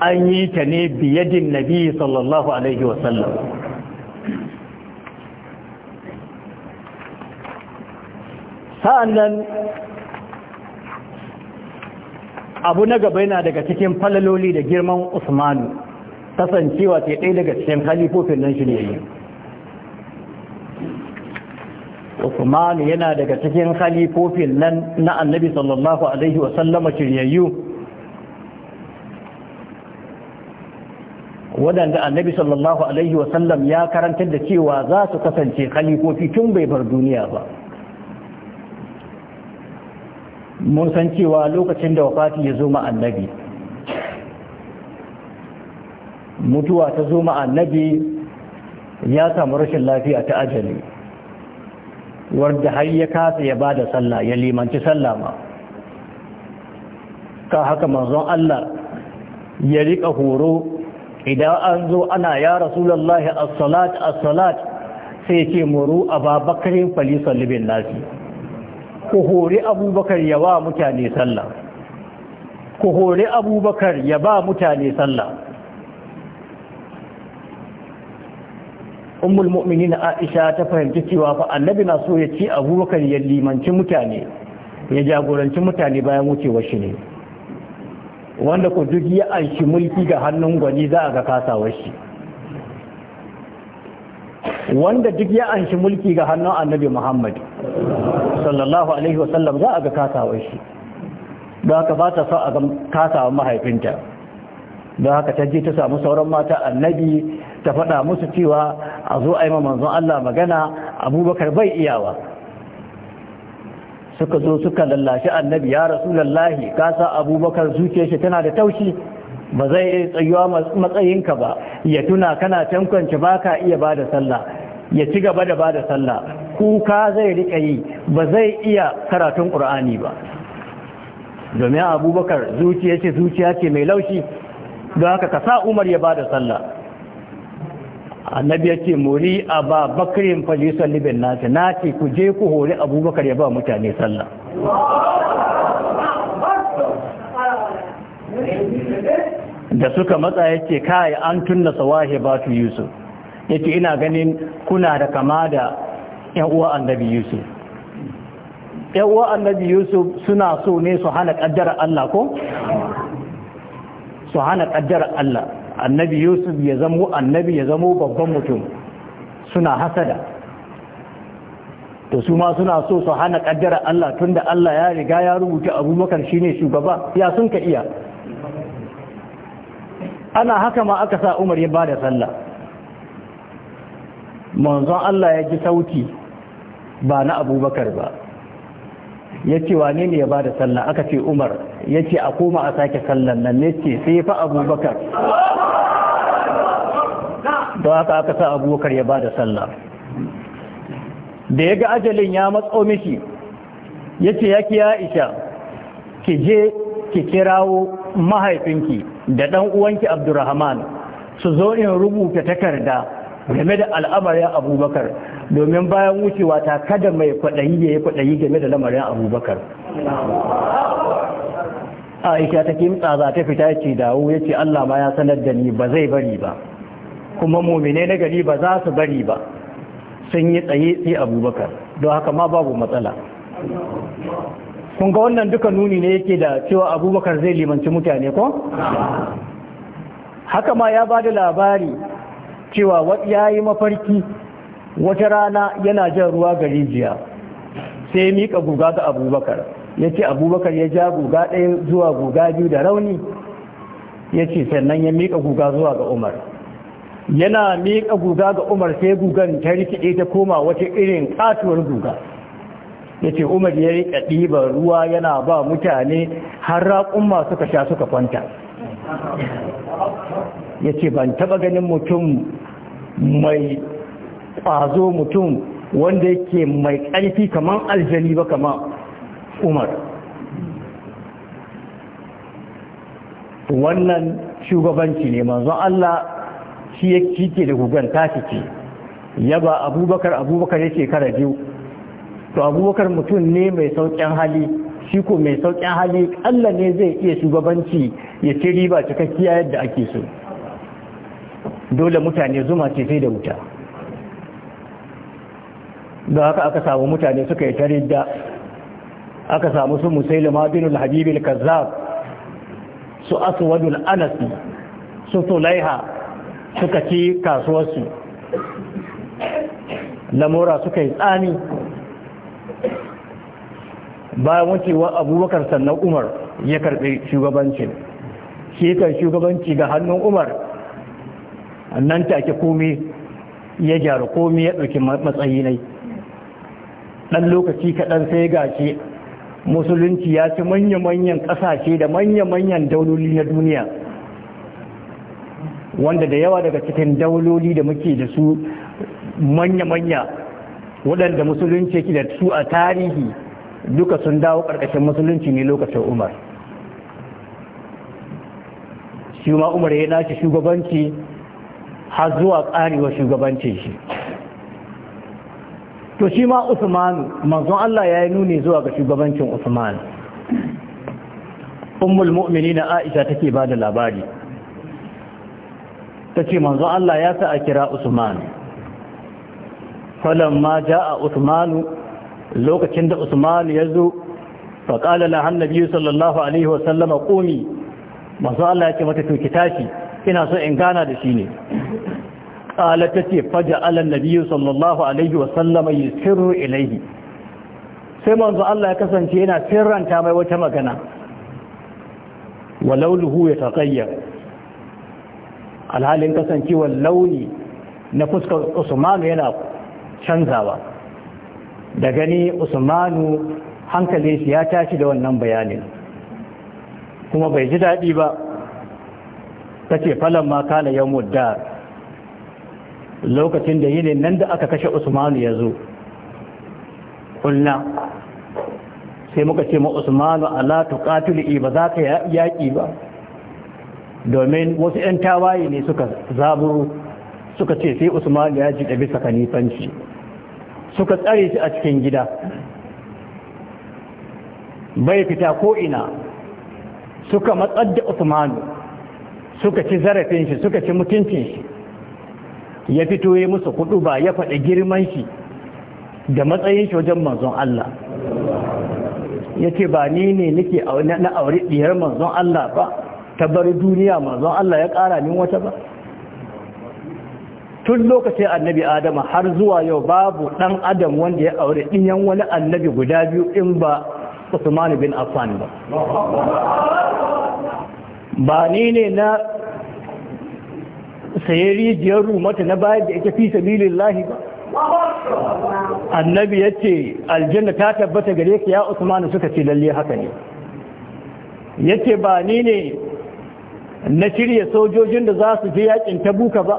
an yi ta ne biyadin nabi sallallahu alaihi wasallam nan abu na gaba yana daga cikin falaloli da girman usmanu kasancewa ke ɗaya daga cikin halifofin nan shi ne usmanu yana daga cikin halifofin nan na annabi sallallahu alaihi wasallama shiryayyu waɗanda annabi sallallahu alaihi wasallam ya karantar da cewa za su kasance halifofi tun bai bar duniya ba mun san cewa lokacin da wafati ya zo annabi mutuwa ta zo annabi ya samu rashin lafiya ta ajali wadda har ya kasa ya ba da sallah ya limanci sallah ma ka haka manzon Allah ya riƙa horo idan an zo ana ya rasulallah as-salat as-salat sai ce muru a ababakarin falisalibin lafiya ku hori abubakar ya ba mutane sallah ku hori abubakar ya ba mutane sallah ummul mu'minin aisha ta fahimci cewa fa annabi na so ya ci abubakar ya limanci mutane ya jagoranci mutane bayan wucewa shi ne wanda ku duk ya anshi mulki ga hannun gwani za a ga kasawar shi wanda duk ya anshi mulki ga hannun annabi muhammad sallallahu alaihi wasallam za a ga kasawar shi da haka ba ta so a ga kasawar mahaifinta da haka ta je ta samu sauran mata annabi ta faɗa musu cewa a zo a yi manzon Allah magana abubakar bai iyawa suka zo suka lallashi annabi ya rasu lallahi. kasa abubakar zuke shi tana da taushi ba zai tsayuwa matsayinka ba ya tuna kana tankwance ba ka iya ba da sallah ya ci gaba da ba da sallah kuka zai rika yi ba zai iya karatun ƙur'ani ba domin abubakar zuciya ce zuciya ce mai laushi don haka ka sa umar ya bada sallah annabi ya ce mori a ba bakirin falisar libin nasi na ce ku je ku hori abubakar ya ba mutane sallah da suka matsa ya ce kayi an tunna sawahi ba yusuf ya ce ina ganin kuna da kama da Ƴan uwa annabi yusuf ƴan uwa annabi yusuf suna so ne su hana kaddara Allah ko su hana kaddara Allah annabi yusuf ya zamo annabi ya zamo babban mutum suna hasada to su ma suna so su hana kaddara Allah tunda Allah ya riga ya rubuta abubakar shine shugaba ya sun ka iya ana haka ma aka sa umar ya bada sallah manzon Allah ya ji sauti ba na abubakar ba ya ce wane ne ya ba da sallah aka ce umar ya ce a koma a sake sallan nan ne ce sai fa abubakar da aka aka sa abubakar ya ba da sallah da ya ga ajalin ya matso mishi ya ce ya ki aisha ki je ki kirawo mahaifinki da ɗan uwanki abdurrahman su zo in rubuta takarda game da al'amarin abubakar domin bayan wucewa ta kada mai kwaɗayi ya yi kwaɗayi game da lamarin abubakar aisha ta kimtsa za ta fita ce dawo ya ce allah ma ya sanar da ni ba zai bari ba kuma mumine na gari ba za su bari ba sun yi tsaye sai abubakar don haka ma babu matsala kun ga wannan duka nuni ne yake da cewa abubakar zai limanci mutane ko haka ma ya ba da labari cewa ya yi mafarki wata rana yana jan ruwa ga rijiya sai mika guga ga abubakar ya ce abubakar ya ja guga ɗaya zuwa guga biyu da rauni ya ce sannan ya mika guga zuwa ga umar yana mika guga ga umar sai gugan ta rikide ta koma wata irin katuwar guga ya ce umar ya riƙa ɗiban ruwa yana ba mutane har raƙumma suka sha suka kwanta ya ce ban taɓa ganin mutum mai ƙwazo mutum wanda yake mai ƙarfi kamar aljani ba kama umar wannan shugabanci ne manzon Allah shi ke da gugan tashi ce yaba abubakar abubakar ya shekara biyu to abubakar mutum ne mai sauƙin hali shi ko mai sauƙin hali Allah ne zai iya shugabanci ya ce riba cikakkiya yadda ake so dole mutane zuma ce sai da wuta da haka aka samu mutane suka yi ta aka samu su musailama bin habibin habib su aswad Anasi su tulaiha suka ci kasuwarsu lamura suka yi tsani bayan wucewa abubakar sannan umar ya karɓi shugabancin shi kan shugabanci ga hannun umar nan take komi ya gyara komi ya ɗauki matsayi nai ɗan lokaci kaɗan sai ga gashi musulunci ya ci manya-manyan ƙasashe da manya-manyan dauloli na duniya wanda da yawa daga cikin dauloli da muke da su manya-manya waɗanda musulunci yake da su a tarihi duka sun dawo ƙarƙashin musulunci ne lokacin umar shi ma umar ya nashi shugabanci har zuwa ƙarewa shugabancin shi to shi ma usmanu manzon Allah ya yi nuni zuwa ga shugabancin usman ummul mu'minina aisha take ba da labari tace manzon Allah ya sa a kira usman falamma jaa Usmanu, lokacin da Usmanu ya zo fa qala la annabi sallallahu alaihi wa sallam qumi manzon Allah yake mata to ki tashi ina so in gana da shi ne ƙala ta ce faja alan nabiyu sallallahu alaihi wasallama yi sirru ilaihi sai manzo Allah ya kasance yana sirranta mai wata magana walau luhu ya taƙayyar alhalin kasancewar launi na fuskar usmanu yana canzawa da gani usmanu hankali shi ya tashi da wannan bayanin kuma bai ji daɗi ba ta ce falon ma kana yawon dar lokacin da yinin nan da aka kashe usmanu ya zo ƙulna sai muka ce ma usmanu ala tuqatili ba za ka yaƙi ba domin wasu 'yan tawaye ne suka zaburu suka ce sai usmanu ya ji bisa kanifanci suka tsare shi a cikin gida bai fita ko'ina suka matsar da usmanu suka ci zarafin shi suka ci mutuncin shi ya fito ya musu kudu ba ya faɗi girman shi da matsayin shi wajen manzon Allah ya ce ba ni ne nake na aure ɗiyar manzon Allah ba ta bar duniya manzon Allah ya ƙara min wata ba tun lokacin annabi adama har zuwa yau babu ɗan adam wanda ya aure ɗiyan wani annabi guda biyu in ba usman bin affan ba ba ni ne na saye rijiyar rumata na bayan da ita fi lahi ba annabi ya ce aljanna ta tabbata gare ka ya usmanu suka ce lalle haka ne ya ce ba ni ne na shirya sojojin da za su je yakin tabuka ba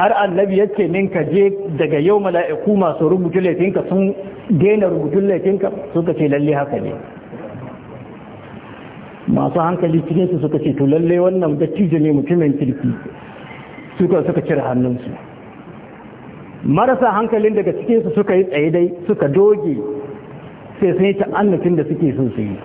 har annabi ya ce min ka je daga yau mala'iku masu rubutu laifinka sun daina rubutun laifinka suka ce lalle haka ne masu hankali cikin su suka ce to lalle wannan dattijo ne mutumin kirki suka suka cire hannunsu marasa hankalin daga cikin su suka yi tsaye dai suka doge sai sun yi ta'annatin da suke so su yi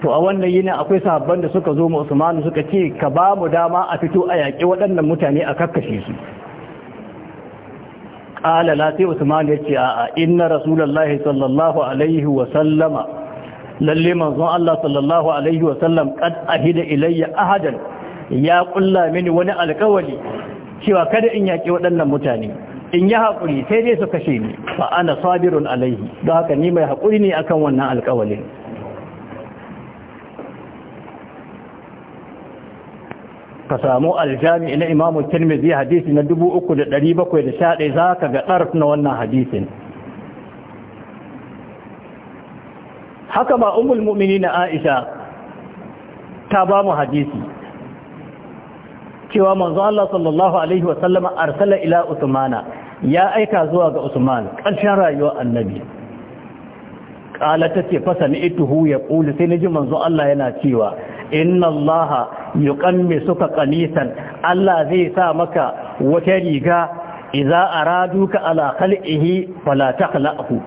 to a wannan yini akwai sahabban da suka zo mu Usmanu suka ce ka ba mu dama a fito a yaƙi waɗannan mutane a kakkashe su ƙalala sai Usman ya ce a inna rasulullahi sallallahu alaihi wa sallama lalle manzon Allah sallallahu alaihi wasallam kad ahida ilayya ahadan ya kulla mini wani alkawali cewa kada in yaki waɗannan mutane in yi haƙuri sai dai su kashe ni fa ana sabirun alaihi don haka ni mai haƙuri ne akan wannan alkawalin ka samu aljami na imamu tirmidhi hadisi na 3711 ka ga ɗarf na wannan hadisin haka ba umul na Aisha ta ba mu hadisi cewa manzo Allah sallallahu alaihi wa sallama arsala ila Usmana ya aika zuwa ga Usman ƙarshen rayuwar annabi kala tace fa sami'tuhu yaqulu sai naji manzo Allah yana cewa inna Allah yuqammisuka qanisan Allah zai sa maka wata riga idza ka ala khalqihi fala takhlaqhu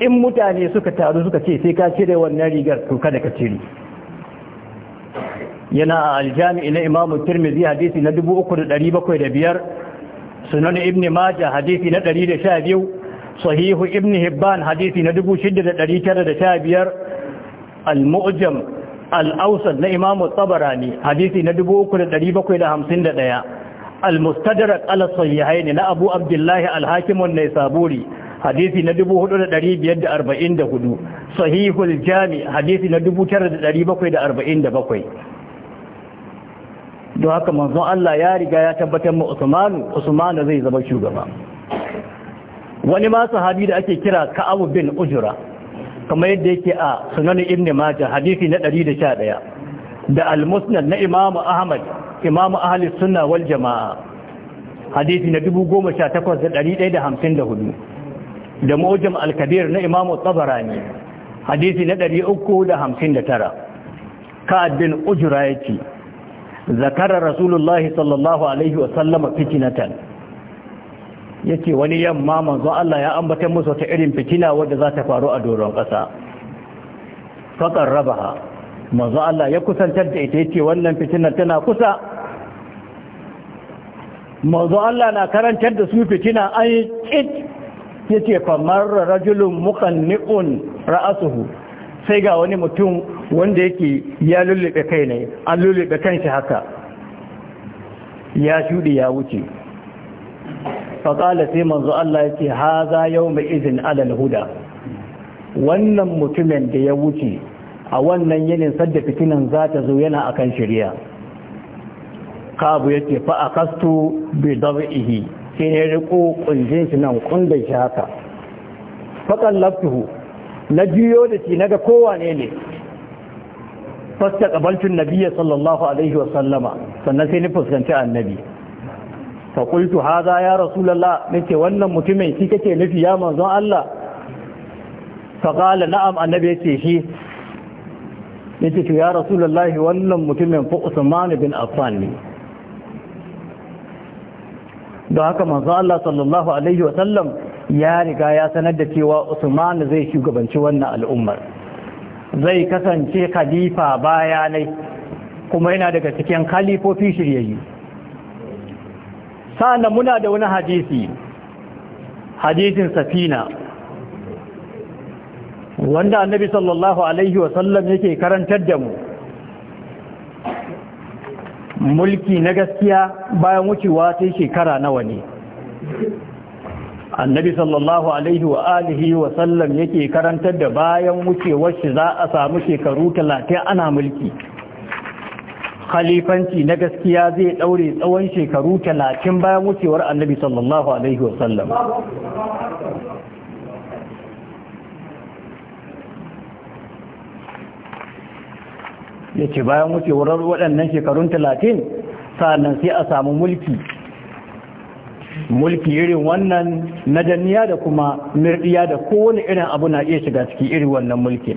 in mutane suka taru suka ce sai ka cire wannan rigar to kada ka cire yana a aljami'i na imamu tirmidhi hadisi na 3705 sunan ibn majah hadisi na 112 sahihu ibn hibban hadisi na 6915 al-mu'jam al-awsat na imamu tabarani hadisi na 3751 al-mustadrak ala sahihain na abu abdullahi al-hakim an hadisi na 4544 sahihul jami hadisi na 9747 don haka manzon Allah ya riga ya tabbatar ma Usmanu Usmanu zai zama shugaba wani ma sahabi da ake kira Ka'ab bin Ujra kamar yadda yake a Sunan Ibn Majah hadisi na 111 da Al-Musnad na Imam Ahmad Imam Ahli Sunnah wal Jamaa hadisi na 18154 da mojam al-kabir na imamu tabarani hadisi na 359 ka'ad bin ya ce. zakara rasulullahi sallallahu alaihi wasallama fitinatan ya ce wani yamma manzo Allah ya ambata musu ta irin fitina wadda za ta faru a doron ƙasa faƙar rabaha manzo Allah ya kusantar da ita ce wannan fitinar tana kusa manzo Allah na karantar da su fitina an yi ce famar rajulun mukan ni'un ra'asuhu sai ga wani mutum wanda yake ya lullube kai ne an lullube kanshi haka ya shuɗe ya wuce faƙala sai manzo Allah ya ce ha za yau mai izin alal huda wannan mutumin da ya wuce a wannan yanin sadda fitinan za ta zo yana akan shirya kabu ya ce fa a kasto bi zama sai ya riko kunjin shi nan kundin shi haka faƙan laftuhu na juyo da shi naga kowane ne fasta ƙabalcin nabiya sallallahu alaihi wasallama sannan sai ni fuskanci annabi ha haza ya rasulallah nake wannan mutumin shi kake nufi ya manzon Allah faƙala na'am annabi ya ce shi nake to ya rasulallah wannan mutumin fa Usman bin Affan ne don haka manzo Allah sallallahu alaihi wa sallam ya riga ya sanar da cewa Usman zai shugabanci wannan al'ummar zai kasance khalifa bayanai kuma yana daga cikin khalifofi shiryayyu sana muna da wani hadisi hadisin safina wanda annabi sallallahu alaihi wa sallam yake karantar da mu mulki na gaskiya bayan wucewa ta shekara nawa ne annabi sallallahu alaihi wa alihi wa sallam yake karantar da bayan wucewar shi za a samu shekaru talatin ana mulki khalifanci na gaskiya zai daure tsawon shekaru talatin bayan wucewar annabi sallallahu alaihi wa sallam ya ce bayan wurar waɗannan shekarun talatin sa'annan sai a samu mulki mulki irin wannan na daniya da kuma mirɗiya da kowane irin abu na iya shiga ciki irin wannan mulkin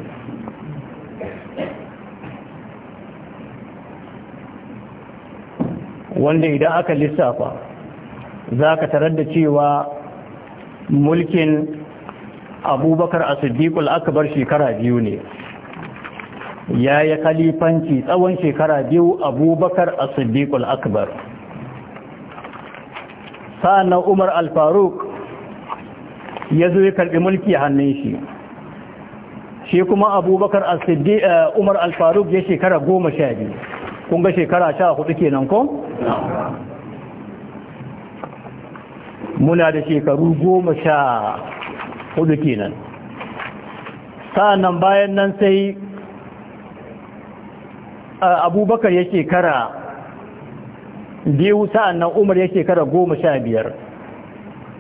wanda idan aka lissafa za ka tarar da cewa mulkin abubakar a siddiƙul aka bar shekara biyu ne ya yi kalifanci tsawon shekara biyu abubakar a siddiqul akbar sa'annan umar al ya zo ya karɓi mulki hannun shi shi kuma abubakar eh, umar al ya shekara goma sha biyu kun ga shekara sha hudu kenan ko? muna da shekaru goma sha hudu kenan sa'annan bayan nan sai abubakar ya shekara biyu sa'annan umar ya shekara goma sha biyar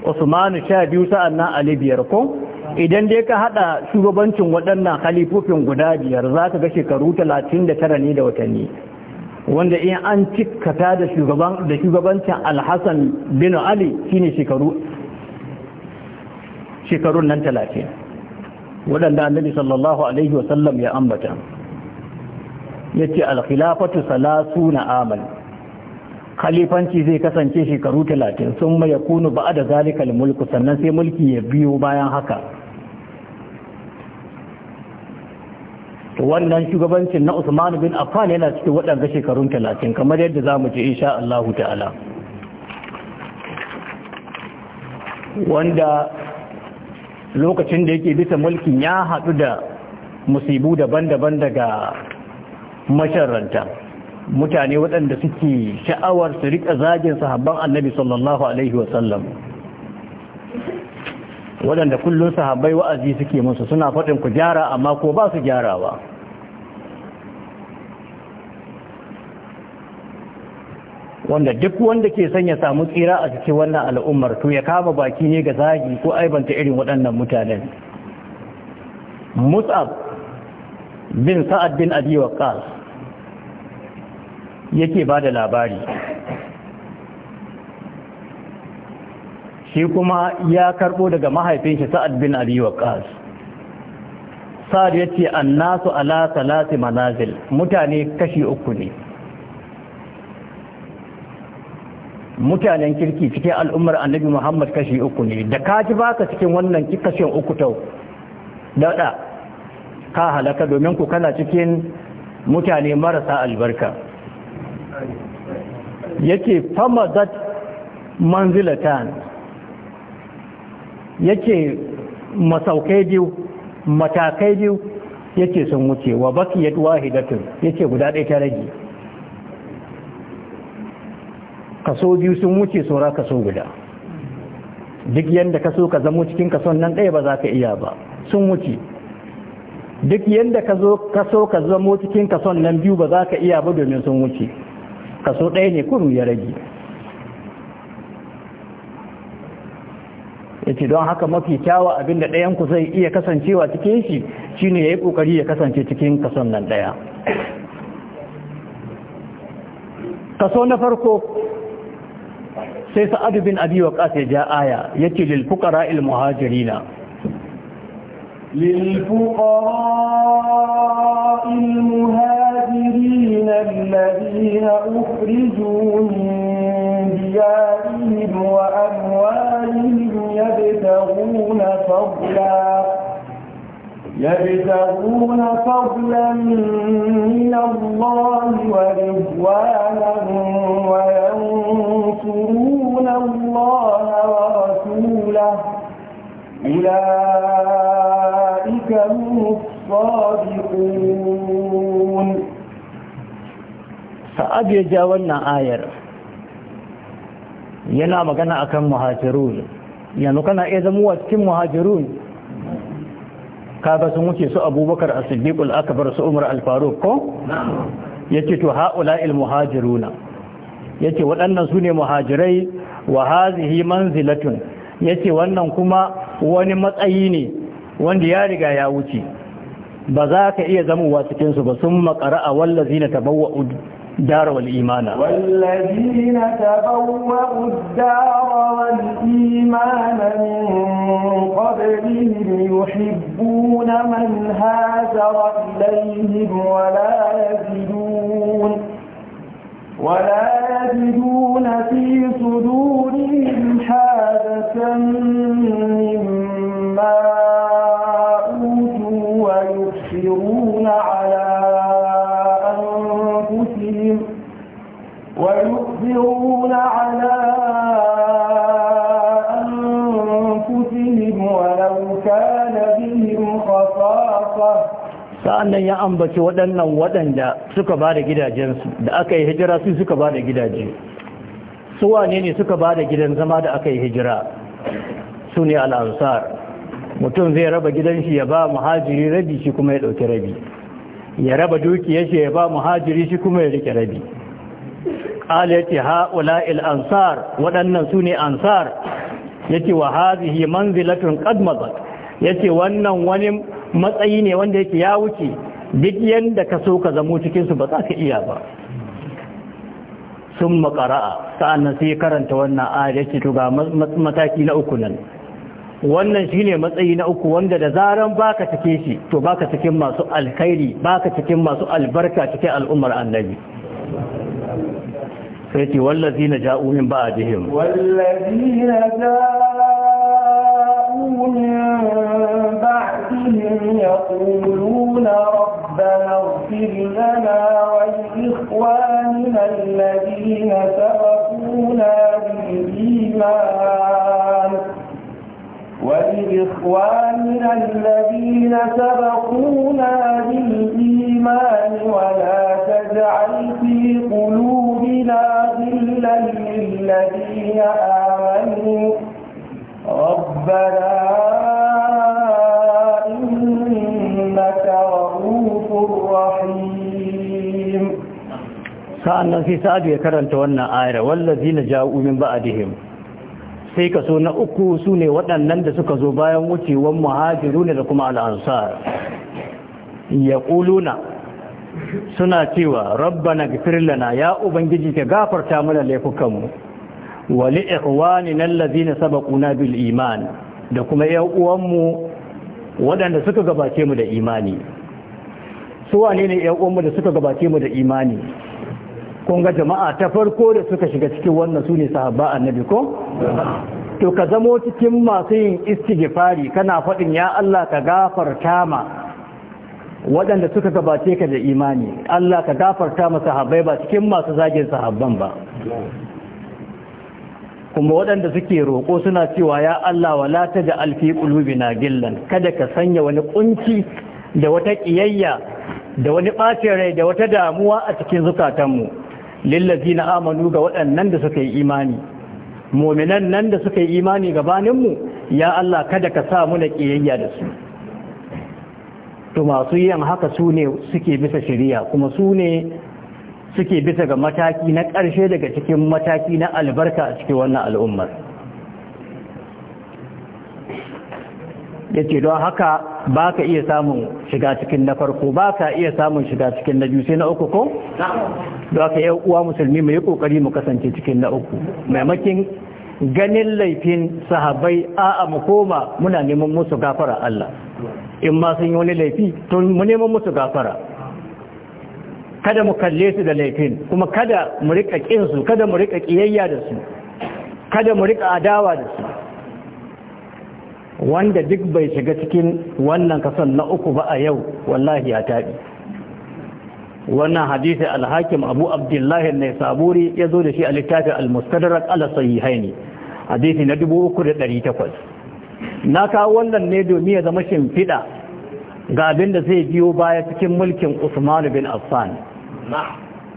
usmanu sha biyu sa'annan ali biyar ko idan dai ka haɗa shugabancin waɗannan halifofin guda biyar za ka ga shekaru talatin da tara ne da watanni wanda in an cikata da shugabancin alhassan bin ali shine shekaru shekarun nan talatin waɗanda annabi sallallahu alaihi wasallam ya ambata ya ce alkhilafatu salasu na amal khalifanci zai kasance shekaru talatin sun mai kunu ba da zalikal mulku sannan sai mulki ya biyo bayan haka wannan shugabancin na Usmanu bin affan yana cikin waɗanda shekarun talatin kamar yadda za mu ji insha allahu ta'ala wanda lokacin da yake bisa mulkin ya haɗu da musibu daban-daban daga masharanta mutane waɗanda suke sha'awar su riƙa zagin sahabban annabi sallallahu alaihi wasallam waɗanda kullum sahabbai wa'azi suke musu suna faɗin ku gyara amma ko ba su gyarawa wanda duk wanda ke son ya samu tsira a cikin wannan al'ummar to ya kama baki ne ga zagi ko aibanta irin waɗannan mutanen mus'ab bin sa'ad bin abi waqqas yake ba da labari shi kuma ya karɓo daga mahaifin shi sa'ad bin abi waqas sa'ad ya yace annasu ala salati manazil mutane kashi uku ne mutanen kirki cikin al'ummar annabi muhammad kashi uku ne da ka ji baka cikin wannan kashin uku tau daɗa ka halaka domin ku kana cikin mutane marasa albarka yake famadat manzilatan yake masaukai biyu matakai biyu yake sun wuce wa bakiyat wahidatun yake guda ɗaya ta rage kaso biyu sun wuce saura kaso guda duk yadda ka so ka zamo cikin kason nan ɗaya ba za ka iya ba sun wuce duk yadda ka so ka zamo cikin kason nan biyu ba za ka iya ba domin sun wuce kaso ɗaya ne kuru ya rage yace don haka mafi kyawa abinda ɗayanku zai iya kasancewa cikin shi shine yi ƙoƙari ya kasance cikin kason nan ɗaya kaso na farko sai Sa'adu bin abi ƙasa ya ja aya yace lil fuqara al muhajirina للفقراء المهاجرين الذين أخرجوا من ديارهم وأموالهم يبتغون فضلا يبتغون فضلا من الله ورضوانا وينصرون الله ورسوله أولئك الصادقون sa'ad ya ja wannan ayar yana magana akan muhajirun yanzu kana iya wa cikin muhajirun Ka ga sun wuce su abubakar a aka akbar su umar alfaruk ko yace to haula'il muhajiruna yace waɗannan su ne muhajirai wa hazihi manzilatun yace wannan kuma wani matsayi ne wanda ya riga ya wuce ba za ka iya zamowa cikinsu ba sun maƙara a wallazi na tabawa dara wal imana ولا يجدون في صدورهم حادثا مما يؤثرون على أنفسهم ويؤثرون على أنفسهم ولو sa'annan ya ambaci waɗannan waɗanda suka ba da gidajensu da aka yi hijira su suka ba da gidaje suwa wane ne suka ba da gidan zama da aka yi hijira su ne al'ansar mutum zai raba gidan shi ya ba muhajiri rabi shi kuma ya ɗauki rabi ya raba dukiyar shi ya ba muhajiri shi kuma ya rike rabi qala yati haula al ansar waɗannan sune ansar yace wa hadhihi manzilatun qad madat yace wannan wani matsayi ne wanda yake ya wuce duk yanda ka so ka zamo cikin su ba za ka iya ba sun makara'a sa'annan sai karanta wannan ayati to ga mataki na uku nan wannan shine matsayi na uku wanda da ba baka take shi to ka cikin masu alkhairi baka cikin masu albarka cikin al'ummar annabi sai ce wallazi na ja'u ba ba'dihim wallazi na ja'u min ba'dihim yaquluna ولإخواننا الذين سبقونا بالإيمان ولا تجعل في قلوبنا غلا للذين آمنوا ربنا إنك رؤوف رحيم سألنا في sa'adu ya karanta wannan ayar wallazina ja'u min sai kaso na uku su ne waɗannan da suka zo bayan wucewan ne da kuma al'ansar ya ƙuluna suna cewa rabbana gafir lana ya ubangiji ka gafarta mana laifukanmu wa na saba ƙuna bil iman da kuma yan uwanmu waɗanda suka gabace mu da imani su wane ne uwanmu da suka gabace mu da imani kun ga jama'a ta farko da suka shiga cikin wannan su ne sahaba annabi ko? to ka zamo cikin masu yin istighfari kana faɗin ya Allah ka gafarta ma waɗanda suka gabace ka da imani Allah ka gafarta ma sahabbai ba cikin masu zagin sahabban ba kuma waɗanda suke roƙo suna cewa ya Allah wala ta da alfi na gillan kada ka sanya wani kunci da wata ƙiyayya da wani ɓacin rai da wata damuwa a cikin zukatanmu lillazi na amanu ga waɗannan da suka yi imani mominan nan da suka yi imani gabaninmu ya Allah kada ka sa muna ƙiyayya da su to masu yin haka su ne suke bisa shari'a kuma su ne suke bisa ga mataki na ƙarshe daga cikin mataki na albarka a cikin wannan al'ummar yace don haka ba ka iya samun shiga cikin na farko ba ka iya samun shiga cikin na biyu sai na uku ko? da ka yi uwa musulmi mai kokari mu kasance cikin na uku maimakin ganin laifin sahabai a'a mu koma muna neman musu gafara Allah in ma sun yi wani laifi to mu neman musu gafara kada mu kalle su da laifin kuma kada mu rika kin su kada mu rika kiyayya da su kada mu rika adawa da su wanda duk bai shiga cikin wannan kasan na uku ba a yau wallahi ya taɓi wannan hadisi alhakim abu abdullahi ne saburi ya zo da shi a littafin almustadrak ala sahihaini hadisi na 3800 na kawo wannan ne domin ya zama shimfiɗa ga abin da zai biyo baya cikin mulkin usman bin affan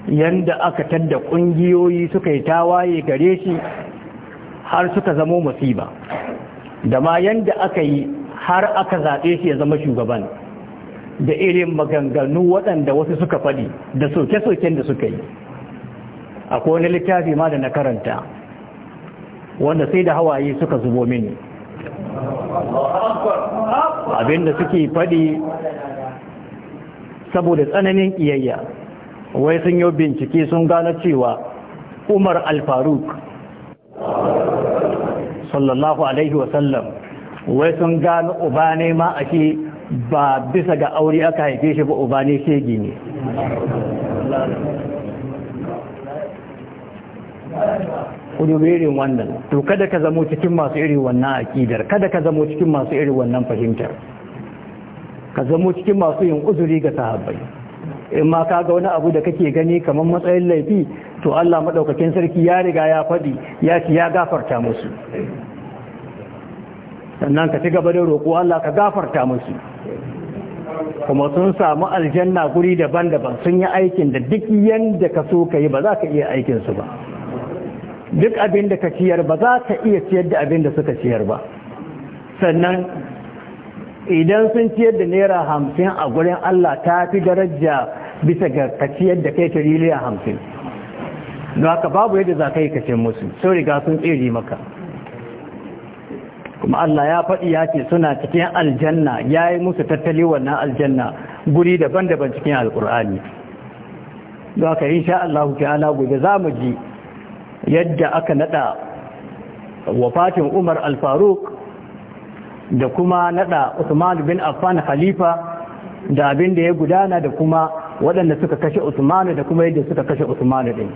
yanda aka tadda ƙungiyoyi suka yi tawaye gare shi har suka zamo musiba da ma yanda aka yi har aka zaɓe shi ya zama shugaban da irin maganganu waɗanda wasu suka faɗi da soke-soken da suka yi akwai wani littafi ma da na karanta wanda sai da hawaye suka zubo mini abinda suke faɗi saboda tsananin ƙiyayya wai sun yi bincike sun gano cewa umar alfaruk sallallahu alaihi wasallam wai sun gano uba ne ma ake ba bisa ga aure aka haife shi ba uba ne shegi ne kudu irin wannan to kada ka zamo cikin masu irin wannan akidar kada ka zamo cikin masu irin wannan fahimtar ka zamo cikin masu yin uzuri ga sahabbai in ma kaga wani abu da kake gani kamar matsayin laifi to Allah madaukakin sarki ya riga ya faɗi ya ci ya gafarta musu sannan ka ci gaba da roƙo Allah ka gafarta musu kuma sun samu aljanna guri daban-daban sun yi aikin da duk yanda ka so ka yi ba za ka iya aikinsu ba duk abin da ka ciyar ba za ka iya ciyar da abin da suka ciyar ba sannan idan sun ciyar da naira hamsin a gurin Allah ta fi daraja bisa ga kaciyar da kai a hamsin Na haka babu yadda za ka yi kashe musu sun riga sun tsiri maka kuma Allah ya faɗi ya ce suna cikin aljanna ya yi musu tattali wannan aljanna guri daban-daban cikin alkur'ani aka haka sha'allahu ke ta'ala gobe za mu ji yadda aka wa wafatin Umar al faruk da kuma nada Usman bin Affan khalifa da abin da ya gudana da kuma waɗanda suka kashe Uthman da kuma yadda suka kashe Usman din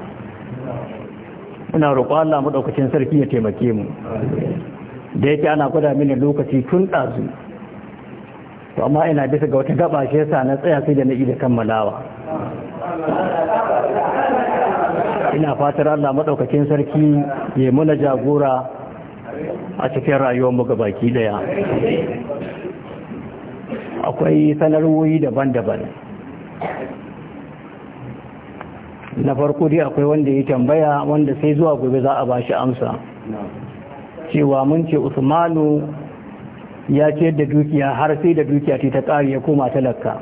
ina roƙo Allah daukacin sarki ya taimake mu da yake ana gwada mini lokaci tun ɗazu to amma ina bisa ga wata gaba shi yasa na tsaya sai da na yi da kammalawa ina fatar Allah madaukakin sarki ya muna jagora a cikin mu ga baki daya akwai sanarwoyi daban-daban na farko dai akwai wanda ya tambaya wanda sai zuwa gobe za a bashi amsa cewa mun ce usmanu ya ce da dukiya har sai da dukiya ce ta ƙari ya koma talaka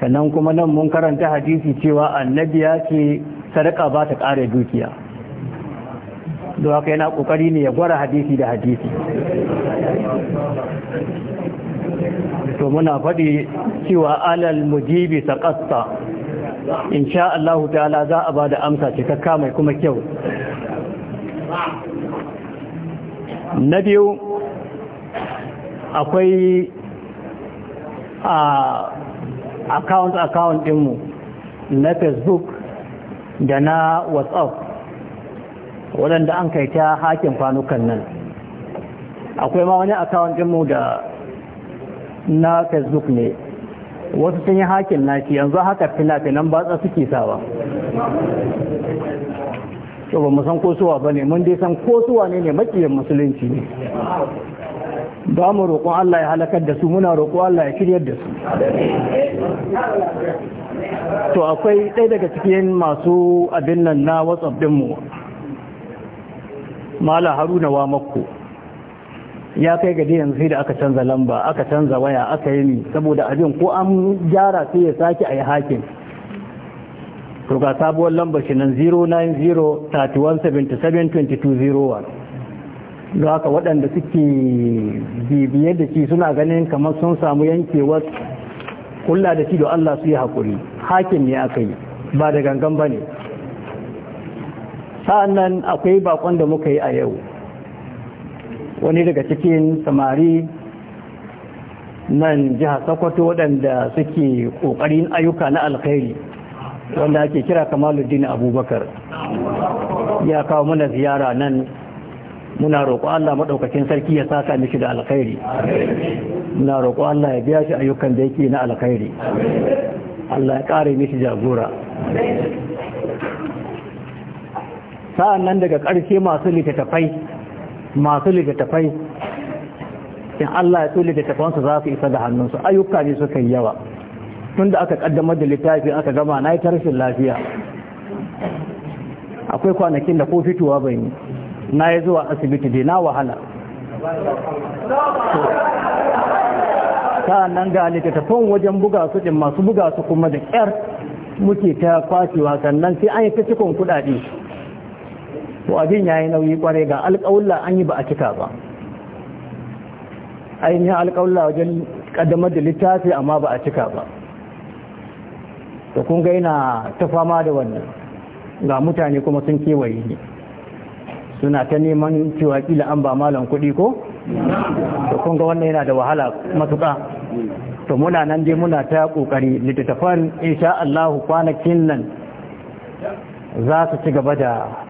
sannan kuma nan mun karanta hadisi cewa annabi ya ce sadaka ba ta ƙare dukiya da haka yana kokari ne ya gwara hadisi da hadisi to muna faɗi cewa alal mujibi saƙasta insha Allah ta'ala za a ba da amsa cikakka mai kuma kyau na biyu akwai a account account mu na facebook da na whatsapp waɗanda an kai ta hakin kwanukan nan akwai ma wani akawun ɗinmu da na facebook ne wasu sun yi hakin naki yanzu haka fina-finan batsa suke sawa to ba mu kosuwa ba ne mun dai san kosuwa ne ne makiyin musulunci ne ba mu roƙon Allah ya halakar da su muna roƙon Allah ya shirya da su to akwai ɗaya daga cikin masu abin nan na whatsapp dinmu mala haruna wa makko ya kai ga dai yanzu da aka canza lamba aka canza waya aka yi ni saboda abin ko an gyara sai ya sake a yi hakin to ga sabuwar lamba shi nan 090 da haka waɗanda suke bibiye da shi suna ganin kamar sun samu yankewa kulla da shi da Allah su yi haƙuri hakin ne aka yi ba da gangan ba ne sa'annan akwai bakon da muka yi a yau wani daga cikin samari nan jihar sokoto waɗanda suke ƙoƙarin ayyuka na alkhairi wanda ake kira kamaluddin abubakar ya kawo mana ziyara nan muna roƙo Allah maɗaukacin sarki ya saka mishi da alkhairi muna roƙo Allah ya biya shi ayyukan da yake na alkhairi Allah ya ƙare mishi jagora sa'an nan daga ƙarshe masu littattafai masu littattafai in Allah ya tuli littattafansu za su isa da hannunsu ayyuka ne suka yi yawa tun da aka kaddamar da littafi aka gama na yi tarshin lafiya akwai kwanakin da ko fitowa bai yi na yi zuwa asibiti dai na wahala sa'an nan ga littattafan wajen buga su ɗin masu buga su kuma da ƙyar muke ta kwacewa sannan sai an yi ta cikin kuɗaɗe Wa abin ya yi nauyi kware ga alƙawulla an yi ba a cika ba ainihin alƙawulla wajen ƙaddamar da littafi amma ba a cika ba da kun ga ta fama da wannan ga mutane kuma sun kewaye ne suna ta neman cewa kila an ba malam kuɗi ko da kun ga wannan yana da wahala matuka to muna nan dai muna ta ƙoƙari littattafan insha Allah kwanakin nan za su ci gaba da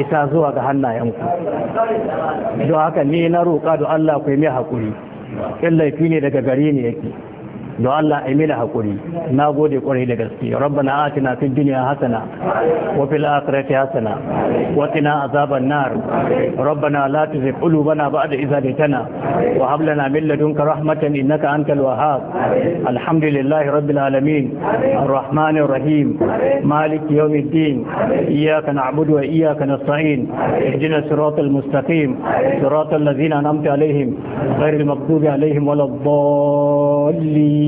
ita zuwa ga hannayenku don haka ni na roƙa da Allah ku yi mai haƙuri in laifi ne daga gare ni yake don Allah ai mini haƙuri na gode ƙwarai da gaske rabbana atina fid dunya hasana wa fil akhirati hasana wa qina azaban nar rabbana la tuzigh qulubana ba'da idh hadaytana wa hab lana min ladunka rahmatan innaka antal wahhab alhamdulillahi rabbil alamin arrahmanir rahim مالك يوم الدين إياك نعبد وإياك نستعين اهدنا الصراط المستقيم صراط الذين أنعمت عليهم غير المغضوب عليهم ولا الضالين